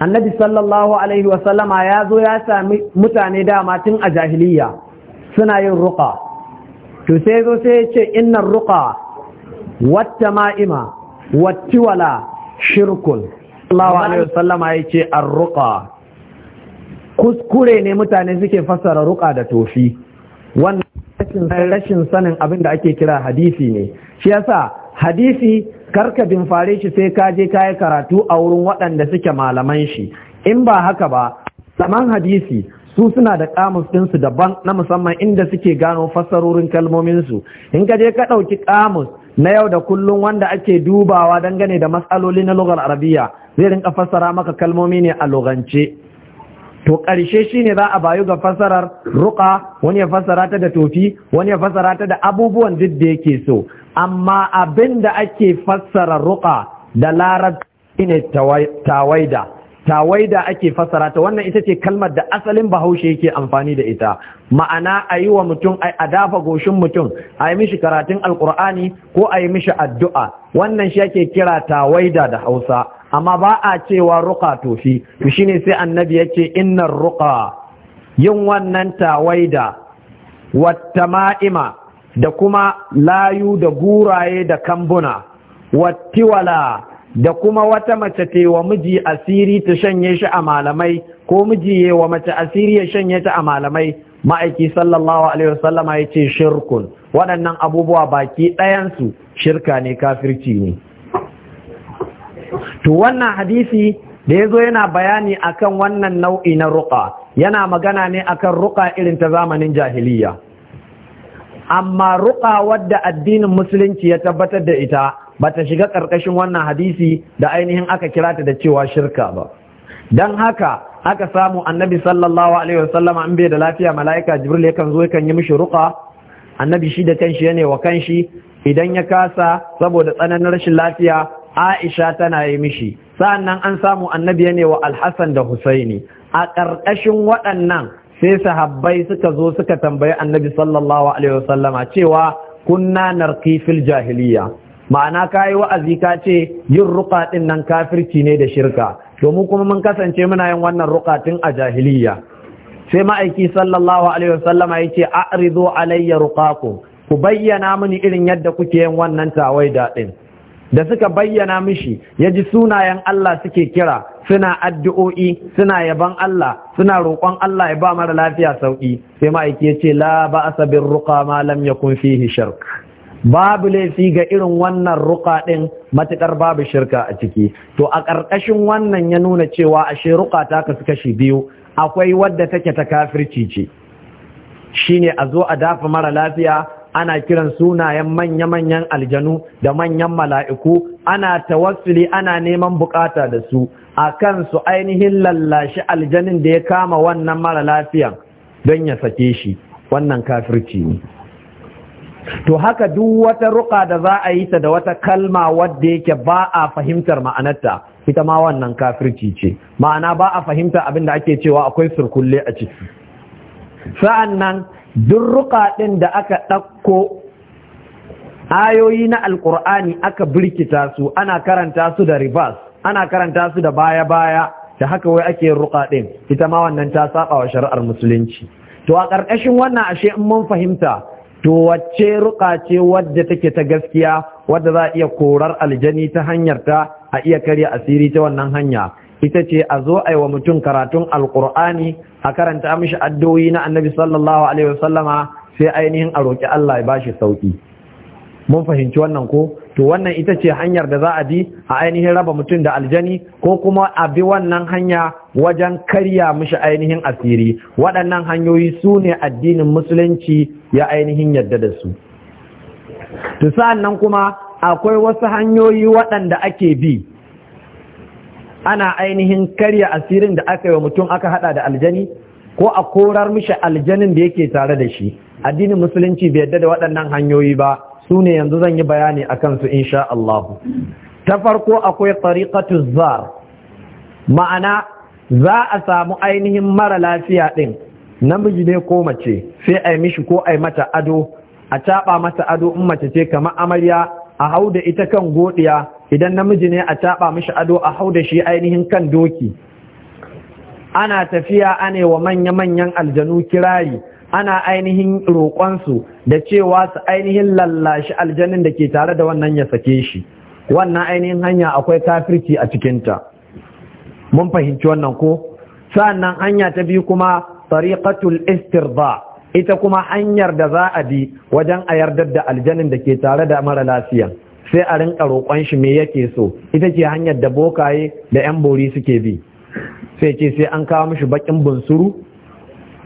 annabi sallallahu alaihi wasallama ya zo ya sami mutane dama tun a jahiliya suna yin ruƙa to sai zo sai ya ce innan ruƙa wata ma'ima wattiwala shirkun Allah alaihi sallama ya ce an ruƙa. kuskure ne mutane suke fassara ruƙa da tofi wannan rashin sanin abin da ake kira hadisi ne shi yasa hadisi karka bin fare shi sai ka je kayi karatu a wurin waɗanda suke malaman shi in ba haka ba saman hadisi su suna da kamus ɗinsu daban na musamman inda suke gano fassarorin kalmominsu in ka je ka ɗauki kamus na yau da kullum wanda ake dubawa dangane da matsaloli na lugar arabiya zai rinka fassara maka kalmomi ne a lugance to ƙarshe shine za a bayu ga fassarar ruka wani ya fassara ta da tofi wani ya fassara ta da abubuwan duk da yake so amma abin da ake fassara ruka da larabci ne tawaida tawaida ake fasara ta wannan ita ce kalmar da asalin bahaushe yake amfani da ita ma'ana a yi wa mutum a dafa goshin mutum a yi mishi karatun alkur'ani ko a yi mishi addu'a wannan shi ake kira tawaida da hausa amma ba a cewa ruka tofi to shine sai annabi ya ce innar ruka yin wannan tawaida Wattama'ima, da kuma layu da guraye da kambuna wattiwala da kuma wata mace ta wa miji asiri ta shanye shi a malamai ko miji ya wa mace asiri ya shanye ta a malamai ma'aiki sallallahu alaihi ya ce shirkun waɗannan abubuwa baki ɗayansu shirka ne kafirci ne to wannan hadisi da ya zo yana bayani akan wannan nau'i na ruƙa yana magana ne akan ruƙa irin ta zamanin jahiliya amma ruƙa wadda addinin musulunci ya tabbatar da ita ba ta shiga ƙarƙashin wannan hadisi da ainihin aka kira ta da cewa shirka ba don haka aka samu annabi sallallahu alaihi an bai da lafiya mala'ika jibril yakan zo yakan yi mishi ruqa annabi shi da kanshi yana wa kanshi idan ya kasa saboda tsananin rashin lafiya aisha tana yi mishi sa'annan an samu annabi yana wa alhassan da husaini a ƙarƙashin waɗannan sai sahabbai suka zo suka tambayi annabi sallallahu alaihi wasallama cewa kunna narki fil jahiliya ma'ana ka yi wa'azi ka ce yin ruka ɗin nan kafirci ne da shirka domin kuma mun kasance muna yin wannan ruka tun a jahiliya sai ma'aiki sallallahu alaihi wasallama ya ce a'rizo alayya ruqakum ku bayyana mini irin yadda kuke yin wannan tawai daɗin. da suka bayyana mishi ya ji sunayen Allah suke kira suna addu'o'i suna yaban Allah suna roƙon Allah ya ba mara lafiya sauƙi sai ma'aiki ya ce la ba'asa asabin ruqa malam ya kun fihi shirk babu laifi ga irin wannan ruka ɗin matuƙar babu shirka a ciki to a ƙarƙashin wannan ya nuna cewa ashe ruka ta kasu kashi biyu akwai wadda take ta kafirci ce shine a zo a dafa mara lafiya ana kiran sunayen manya-manyan aljanu da manyan mala'iku ana tawassuli ana neman bukata da su a kan su ainihin lallashi aljanin da ya kama wannan mara lafiyan don ya sake shi wannan kafirci ne to haka duk wata ruka da za a yi ta da wata kalma wadda yake ba a fahimtar ma'anarta ita ma wannan kafirci ce ma'ana ba a fahimta abin da ake cewa akwai surkulle a ciki sa'an nan duk ruka ɗin da aka ɗauko ayoyi na Alƙur'ani aka birkita su ana karanta su da ribas ana karanta su da baya-baya da haka wai ake ruka ɗin ita ma wannan ta saba wa shari'ar musulunci to a ƙarƙashin wannan ashe in mun fahimta to wacce ruka ce wadda take ta gaskiya wadda za a iya korar aljani ta hanyar ta a iya karya asiri ta wannan hanya ita ce a zo a yi wa mutum karatun alkur'ani a karanta mishi addu'o'i na annabi sallallahu alaihi wasallama sai ainihin a roƙi Allah ya bashi sauƙi. mun fahimci wannan ko to wannan ita ce hanyar da za a bi a ainihin raba mutum da aljani ko kuma a bi wannan hanya wajen karya mishi ainihin asiri waɗannan hanyoyi su ne addinin musulunci ya ainihin yadda da su to nan kuma akwai wasu hanyoyi waɗanda ake bi ana ainihin karya asirin da aka yi wa mutum aka hada da aljani ko a korar mishi aljanin da yake tare da shi addinin musulunci bai yadda da waɗannan hanyoyi ba su ne yanzu zan yi bayani a kansu insha Allah ta farko akwai tariƙatu zar ma'ana za a samu ainihin mara lafiya ɗin namiji ne ko mace sai a yi mishi ko a yi mata ado a caɓa mata ado in mace ce kamar amarya a hau da ita kan godiya idan namiji ne a caɓa mishi ado a hau da shi ainihin kan doki ana tafiya ane wa manya-manyan aljanu kirari ana ainihin roƙonsu da cewa su ainihin lallashi aljanin da ke tare da wannan ya sake shi wannan ainihin hanya akwai kafirci a cikinta mun fahimci wannan ko sa'annan hanya ta biyu kuma tariqatul istirda ita kuma hanyar da za a bi wajen a yardar da aljanin da ke tare da mara lafiya sai a rinka roƙon shi me yake so ita ce hanyar da bokaye da yan bori suke bi sai ce sai an kawo mishi bakin bunsuru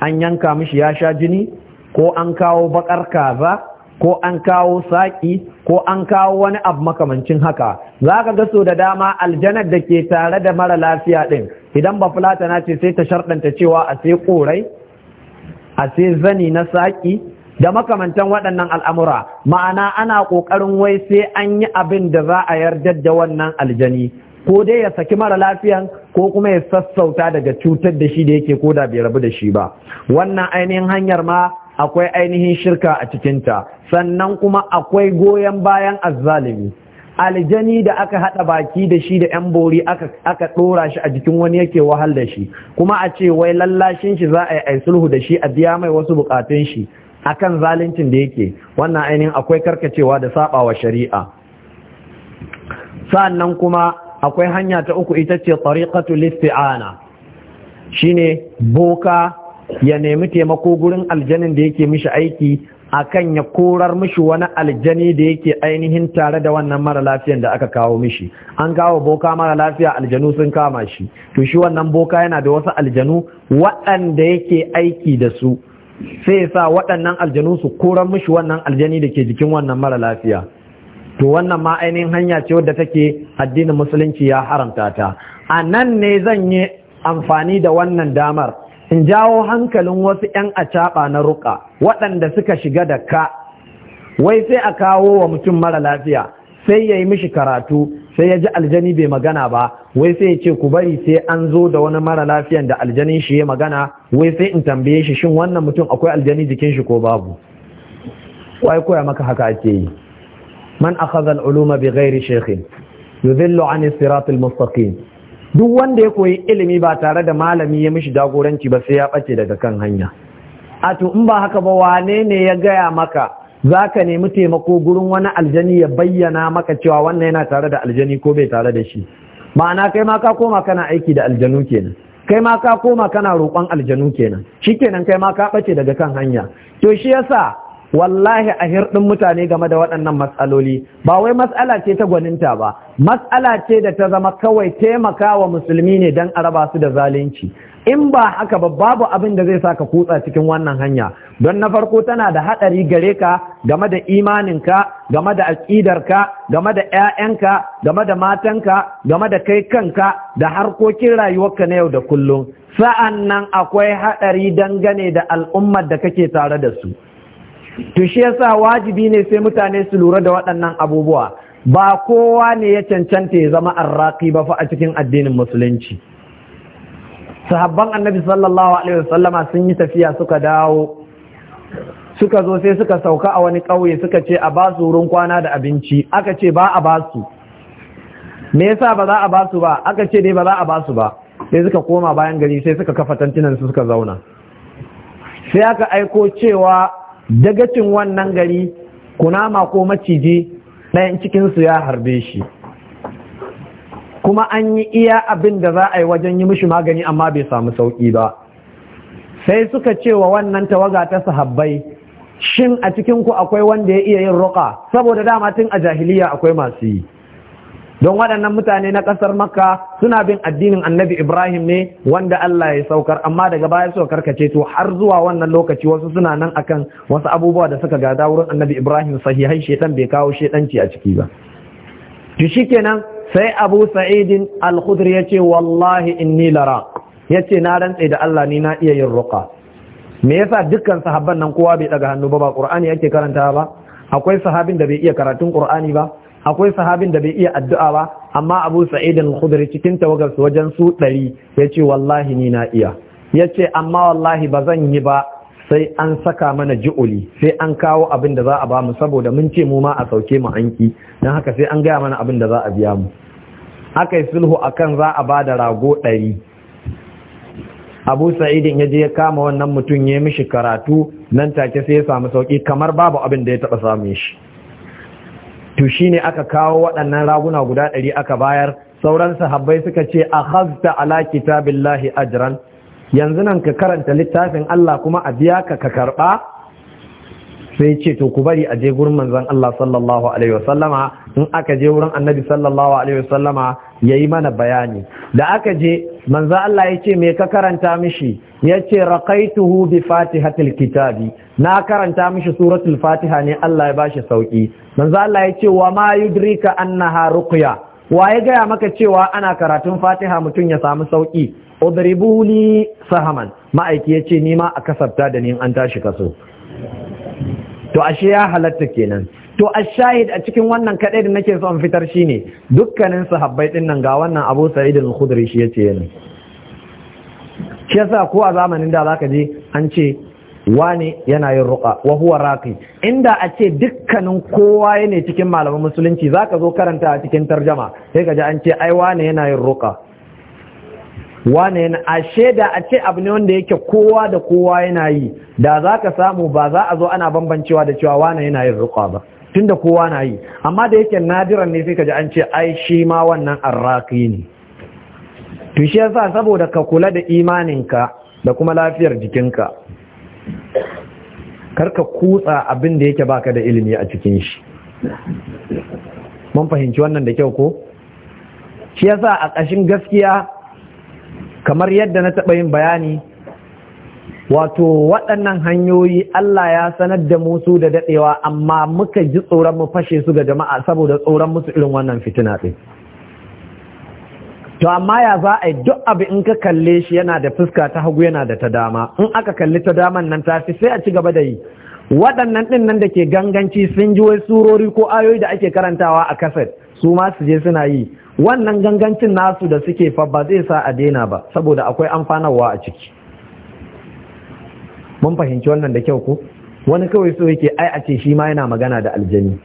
an yanka mishi ya sha jini ko an kawo bakar kaza ko an kawo saƙi ko an kawo wani abu makamancin haka za ka ga so da dama aljanar da ke tare da mara lafiya ɗin idan ba fulatana ce sai ta sharɗanta cewa a sai ƙorai a sai zani na saƙi da makamantan waɗannan al'amura ma'ana ana ƙoƙarin wai sai an yi abin da za a yarda da wannan aljani ko dai ya saki mara lafiyan ko kuma ya sassauta daga cutar da shi da yake ko da bai rabu da shi ba wannan ainihin hanyar ma akwai ainihin shirka a cikinta sannan kuma akwai goyon bayan azzalimi aljani da aka haɗa baki da shi da yan bori aka ɗora shi a jikin wani yake wahal da shi kuma a ce wai lallashin shi za a yi aisulhu sulhu da shi a biya mai wasu bukatun shi akan zaluncin da yake wannan ainihin akwai karkacewa da saɓawa shari'a sannan kuma akwai hanya ta uku ita ce tariqatul Shi shine boka ya nemi taimako gurin aljanin da yake mishi aiki akan ya korar mishi wani aljani da yake ainihin tare da wannan mara lafiyan da aka kawo mishi an kawo boka mara lafiya aljanu sun kama shi to shi wannan boka yana da wasu aljanu waɗanda yake aiki da su sai sa waɗannan aljanu su korar mishi wannan aljani da ke jikin wannan mara lafiya to wannan ma ainihin hanya ce wadda take addinin musulunci ya haramta ta a nan ne zan yi amfani da wannan damar in jawo hankalin wasu 'yan acaɓa na ruka waɗanda suka shiga da ka wai sai a kawo wa mutum mara lafiya sai ya yi mishi karatu sai ya ji aljani bai magana ba wai sai ya ce ku bari sai an zo da wani mara lafiyan da aljanin shi ya magana wai sai in tambaye shi shin wannan mutum akwai aljani jikin shi ko babu wai koya maka haka ake yi man akhadha al-uluma bi ghairi shaykhin yudhillu an sirat duk wanda ya koyi ilimi ba tare da malami ya mishi jagoranci ba sai ya bace daga kan hanya a to in ba haka ba wane ne ya gaya maka zaka nemi taimako gurin wani aljani ya bayyana maka cewa wannan yana tare da aljani ko bai tare da shi ma'ana kai ma ka koma kana aiki da aljanu kenan kai ma ka koma kana roƙon aljanu kenan shikenan kai ma ka bace daga kan hanya to shi yasa wallahi a hirɗin mutane game da waɗannan matsaloli ba wai matsala ce ta gwaninta ba matsala ce da ta zama kawai taimaka wa musulmi ne don a raba su da zalunci in ba haka ba babu abin da zai sa ka kutsa cikin wannan hanya don na farko tana da haɗari gare ka game da imaninka game da aƙidarka game da 'ya'yanka game da matanka game da kai kanka da harkokin rayuwarka na yau da kullum sa'an nan akwai haɗari dangane da al'ummar da kake tare da su to shi yasa wajibi ne sai mutane su lura da waɗannan abubuwa ba kowa ne ya cancanta ya zama arraki ba fa a cikin addinin musulunci sahabban annabi sallallahu alaihi wasallama sun yi tafiya suka dawo suka zo sai suka sauka a wani ƙauye suka ce a basu wurin kwana da abinci aka ce ba a basu me yasa ba za a basu ba aka ce dai ba za a basu ba sai suka koma bayan gari sai suka kafa tantunan su suka zauna sai aka aiko cewa dagacin wannan gari kunama ko maciji ɗayan cikinsu ya harbe shi kuma an yi iya abin da za a yi wajen yi mishi magani amma bai samu sauƙi ba sai suka ce wa wannan tawaga ta sahabbai shin a cikinku akwai wanda ya iya yin roƙa saboda dama tun a jahiliya akwai masu yi don waɗannan mutane na ƙasar makka suna bin addinin annabi ibrahim ne wanda allah ya saukar amma daga baya suka karkace to har zuwa wannan lokaci wasu suna nan akan wasu abubuwa da suka gada wurin annabi ibrahim sahihai shedan bai kawo shedanci a ciki ba to shikenan sai abu sa'idin al-khudri yace wallahi inni lara yace na rantse da allah ni na iya yin ruqa me yasa dukkan sahabban nan kowa bai daga hannu ba ba qur'ani yake karanta ba akwai sahabin da bai iya karatun qur'ani ba akwai sahabin da bai iya addu'a ba amma abu sa'id al-khudri cikin tawagar su wajen su ɗari ya ce wallahi ni na iya ya ce amma wallahi ba zan yi ba sai an saka mana ji'uli sai an kawo abin da za a ba mu saboda mun ce mu ma a sauke mu anki don haka sai an gaya mana abin da za a biya mu aka yi sulhu akan za a ba da rago ɗari abu sa'idin ya je ya kama wannan mutum ya yi mishi karatu nan take sai ya samu sauki kamar babu abin da ya taɓa samun shi to ne aka kawo waɗannan raguna guda ɗari aka bayar sauran sahabbai suka ce a hazta ala kitabillahi ajran yanzu nan ka karanta littafin Allah kuma a biya ka ka karɓa sai ce to ku bari a je gurin manzon Allah sallallahu alaihi wasallama in aka je wurin annabi sallallahu alaihi wasallama yayi mana bayani da aka je manzon Allah ya ce me ka karanta mishi ya ce raqaituhu bi fatihatil kitabi na karanta mishi suratul fatiha ne Allah ya bashi sauki manzon Allah ya ce wa ma yudrika annaha ruqya wa ya gaya maka cewa ana karatun fatiha mutum ya samu sauki O'bribuli, sahaman ma'aiki ya ce ma a kasabta da ni an tashi kaso to ashe ya halatta kenan to ashahid a cikin wannan kadai da nake son fitar shi ne dukkanin sahabbai din nan ga wannan Abu Sa'id al-Khudri shi yace ne shi yasa ko a zamanin da zaka je an ce wani yana yin ruqa wa huwa raqi inda a ce dukkanin kowa yana cikin malaman musulunci zaka zo karanta a cikin tarjama sai ka ji an ce ai wani yana yin ruqa wane yana ashe da a ce abu ne wanda yake kowa da kowa yana yi da za ka samu ba za a zo ana bambancewa da cewa wane yana yin ruqa ba tunda kowa na yi amma da yake nadiran ne sai ka ji an ce ai shi ma wannan arraki ne to shi yasa saboda ka kula da imaninka da kuma lafiyar jikinka karka kutsa abin da yake baka da ilimi a cikin shi mun fahimci wannan da kyau ko shi yasa a ƙashin gaskiya kamar yadda na taɓa yin bayani wato waɗannan hanyoyi Allah ya sanar da musu da daɗewa amma muka ji tsoron mu fashe su ga jama'a saboda tsoron musu irin wannan fitina ɗin to amma ya za a yi duk abu in ka kalle shi yana da fuska ta hagu yana da ta dama in aka kalli ta daman nan tafi sai a ci gaba da yi waɗannan ɗin nan da ke ganganci sun ji wai surori ko ayoyi da ake karantawa a kaset su ma su je suna yi wannan gangancin nasu da suke fa ba zai sa a daina ba saboda akwai amfanarwa a ciki mun fahimci wannan da kyau ko wani kawai so yake ai a ce shi ma yana magana da aljani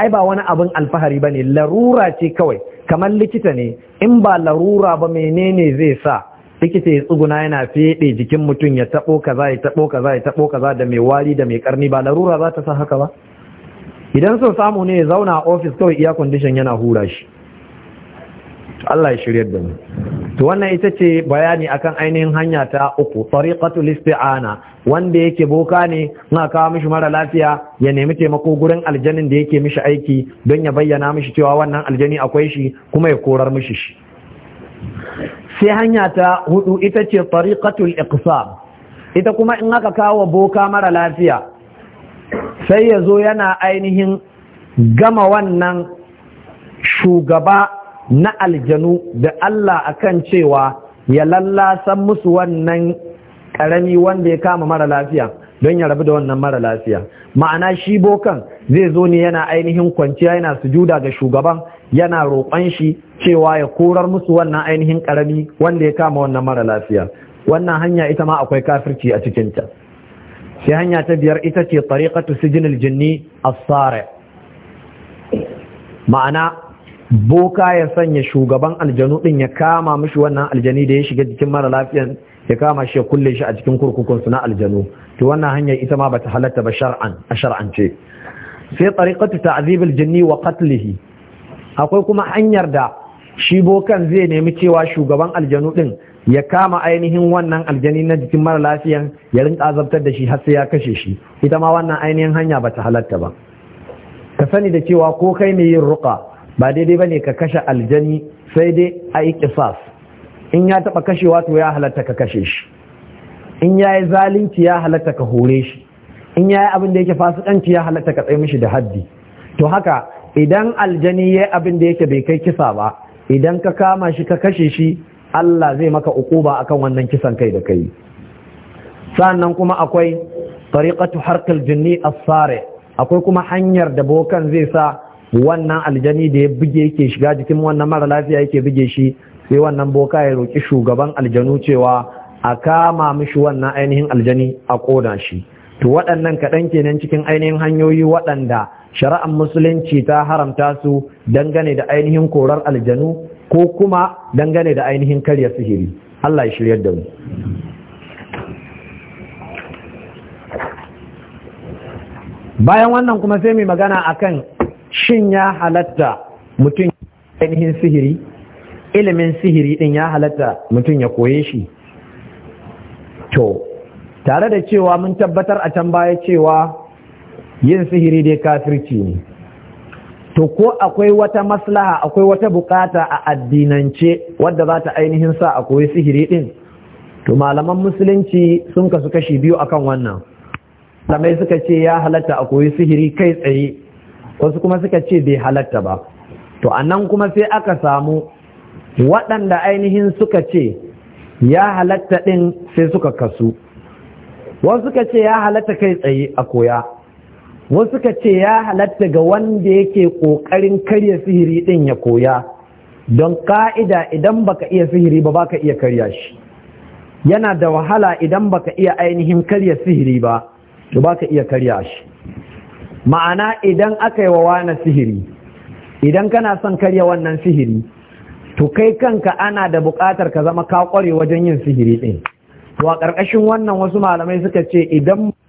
ai ba wani abin alfahari bane larura ce kawai kamar likita ne in ba larura ba menene zai sa likita ya tsuguna yana fede jikin mutum ya tabo kaza ya tabo kaza ya tabo kaza da mai wari da mai karni ba larura za ta sa haka ba idan so samu ne ya zauna a ofis kawai iya condition yana hura shi Allah ya shirya da mu to wannan ita ce bayani akan ainihin hanya ta uku tariqatu isti'ana wanda yake boka ne na kawo mishi mara lafiya ya nemi taimako gurin aljanin da yake mishi aiki don ya bayyana mishi cewa wannan aljani akwai shi kuma ya korar mishi shi sai hanya ta hudu ita ce tariqatul iqsam ita kuma in aka kawo boka mara lafiya sai ya zo yana ainihin gama wannan shugaba na aljanu da Allah akan cewa ya lallasan musu wannan ƙarami wanda ya kama mara lafiya don ya rabu da wannan mara lafiya ma'ana shi bokan zai zo ne yana ainihin kwanciya yana sujuda ga shugaban yana roƙon shi cewa ya korar musu wannan ainihin karami wanda ya kama wannan mara lafiya wannan hanya ita ma akwai kafirci a cikinta sai hanya ta biyar ita ce tariqatu sijinil jinni as-sari ma'ana boka ya sanya shugaban aljanu din ya kama mishi wannan aljani da ya shiga jikin mara lafiyan ya kama shi ya kulle shi a cikin kurkukun su na aljanu to wannan hanyar ita ma bata halatta ba shar'an a shar'ance sai tariqatu ta'zibil jini wa qatlihi akwai kuma hanyar da shi bokan zai nemi cewa shugaban aljanu din ya kama ainihin wannan aljani na jikin mara lafiyan ya rinka azabtar da shi har sai ya kashe shi ita ma wannan ainihin hanya bata halatta ba ka sani da cewa ko kai ne yin ruqa ba daidai ne ka kashe aljani sai dai a yi kisas in ya taba kashewa to ya halatta ka kashe shi in ya yi zalunci ya halatta ka hore shi in ya yi abin da yake fasikanci ya halatta ka tsaye mishi da haddi to haka idan aljani ya yi abin da yake bai kai kisa ba idan ka kama shi ka kashe shi Allah zai maka ukuba akan wannan kisan kai da kai sannan kuma akwai tariqatu harkar jinni as-sare akwai kuma hanyar da bokan zai sa wannan aljani da ya buge yake shiga jikin wannan mara lafiya yake buge shi sai wannan boka ya roƙi shugaban aljanu cewa a kama mishi wannan ainihin aljani a ƙona shi to waɗannan kaɗan kenan cikin ainihin hanyoyi waɗanda shari'ar musulunci ta haramta su dangane da ainihin korar aljanu ko kuma dangane da ainihin karya sihiri Allah ya shirya da mu bayan wannan kuma sai mai magana akan shin ya halatta mutum ainihin sihiri ilimin sihiri din ya halatta mutum ya koye shi to tare da cewa mun tabbatar a can baya cewa yin sihiri dai kafirci ne to ko akwai wata maslaha akwai wata bukata a addinance wadda za ta ainihin sa a koyi sihiri din to malaman musulunci sun kasu kashi biyu akan wannan malamai suka ce ya halatta a koyi sihiri kai tsaye wasu kuma suka ce bai halatta ba to anan kuma sai aka samu waɗanda ainihin suka ce ya halatta ɗin sai suka kasu wasu suka ce ya halatta kai tsaye a koya wasu suka ce ya halatta ga wanda yake ƙoƙarin karya sihiri ɗin ya koya don ka'ida idan baka iya sihiri ba baka iya karya shi yana da wahala idan baka iya ainihin karya sihiri ba to baka iya karya shi ma'ana idan aka yi wa wani sihiri idan kana son karya wannan sihiri to kai kanka ana da buƙatar ka zama ka ƙware wajen yin sihiri ɗin to a ƙarƙashin wannan wasu malamai suka ce idan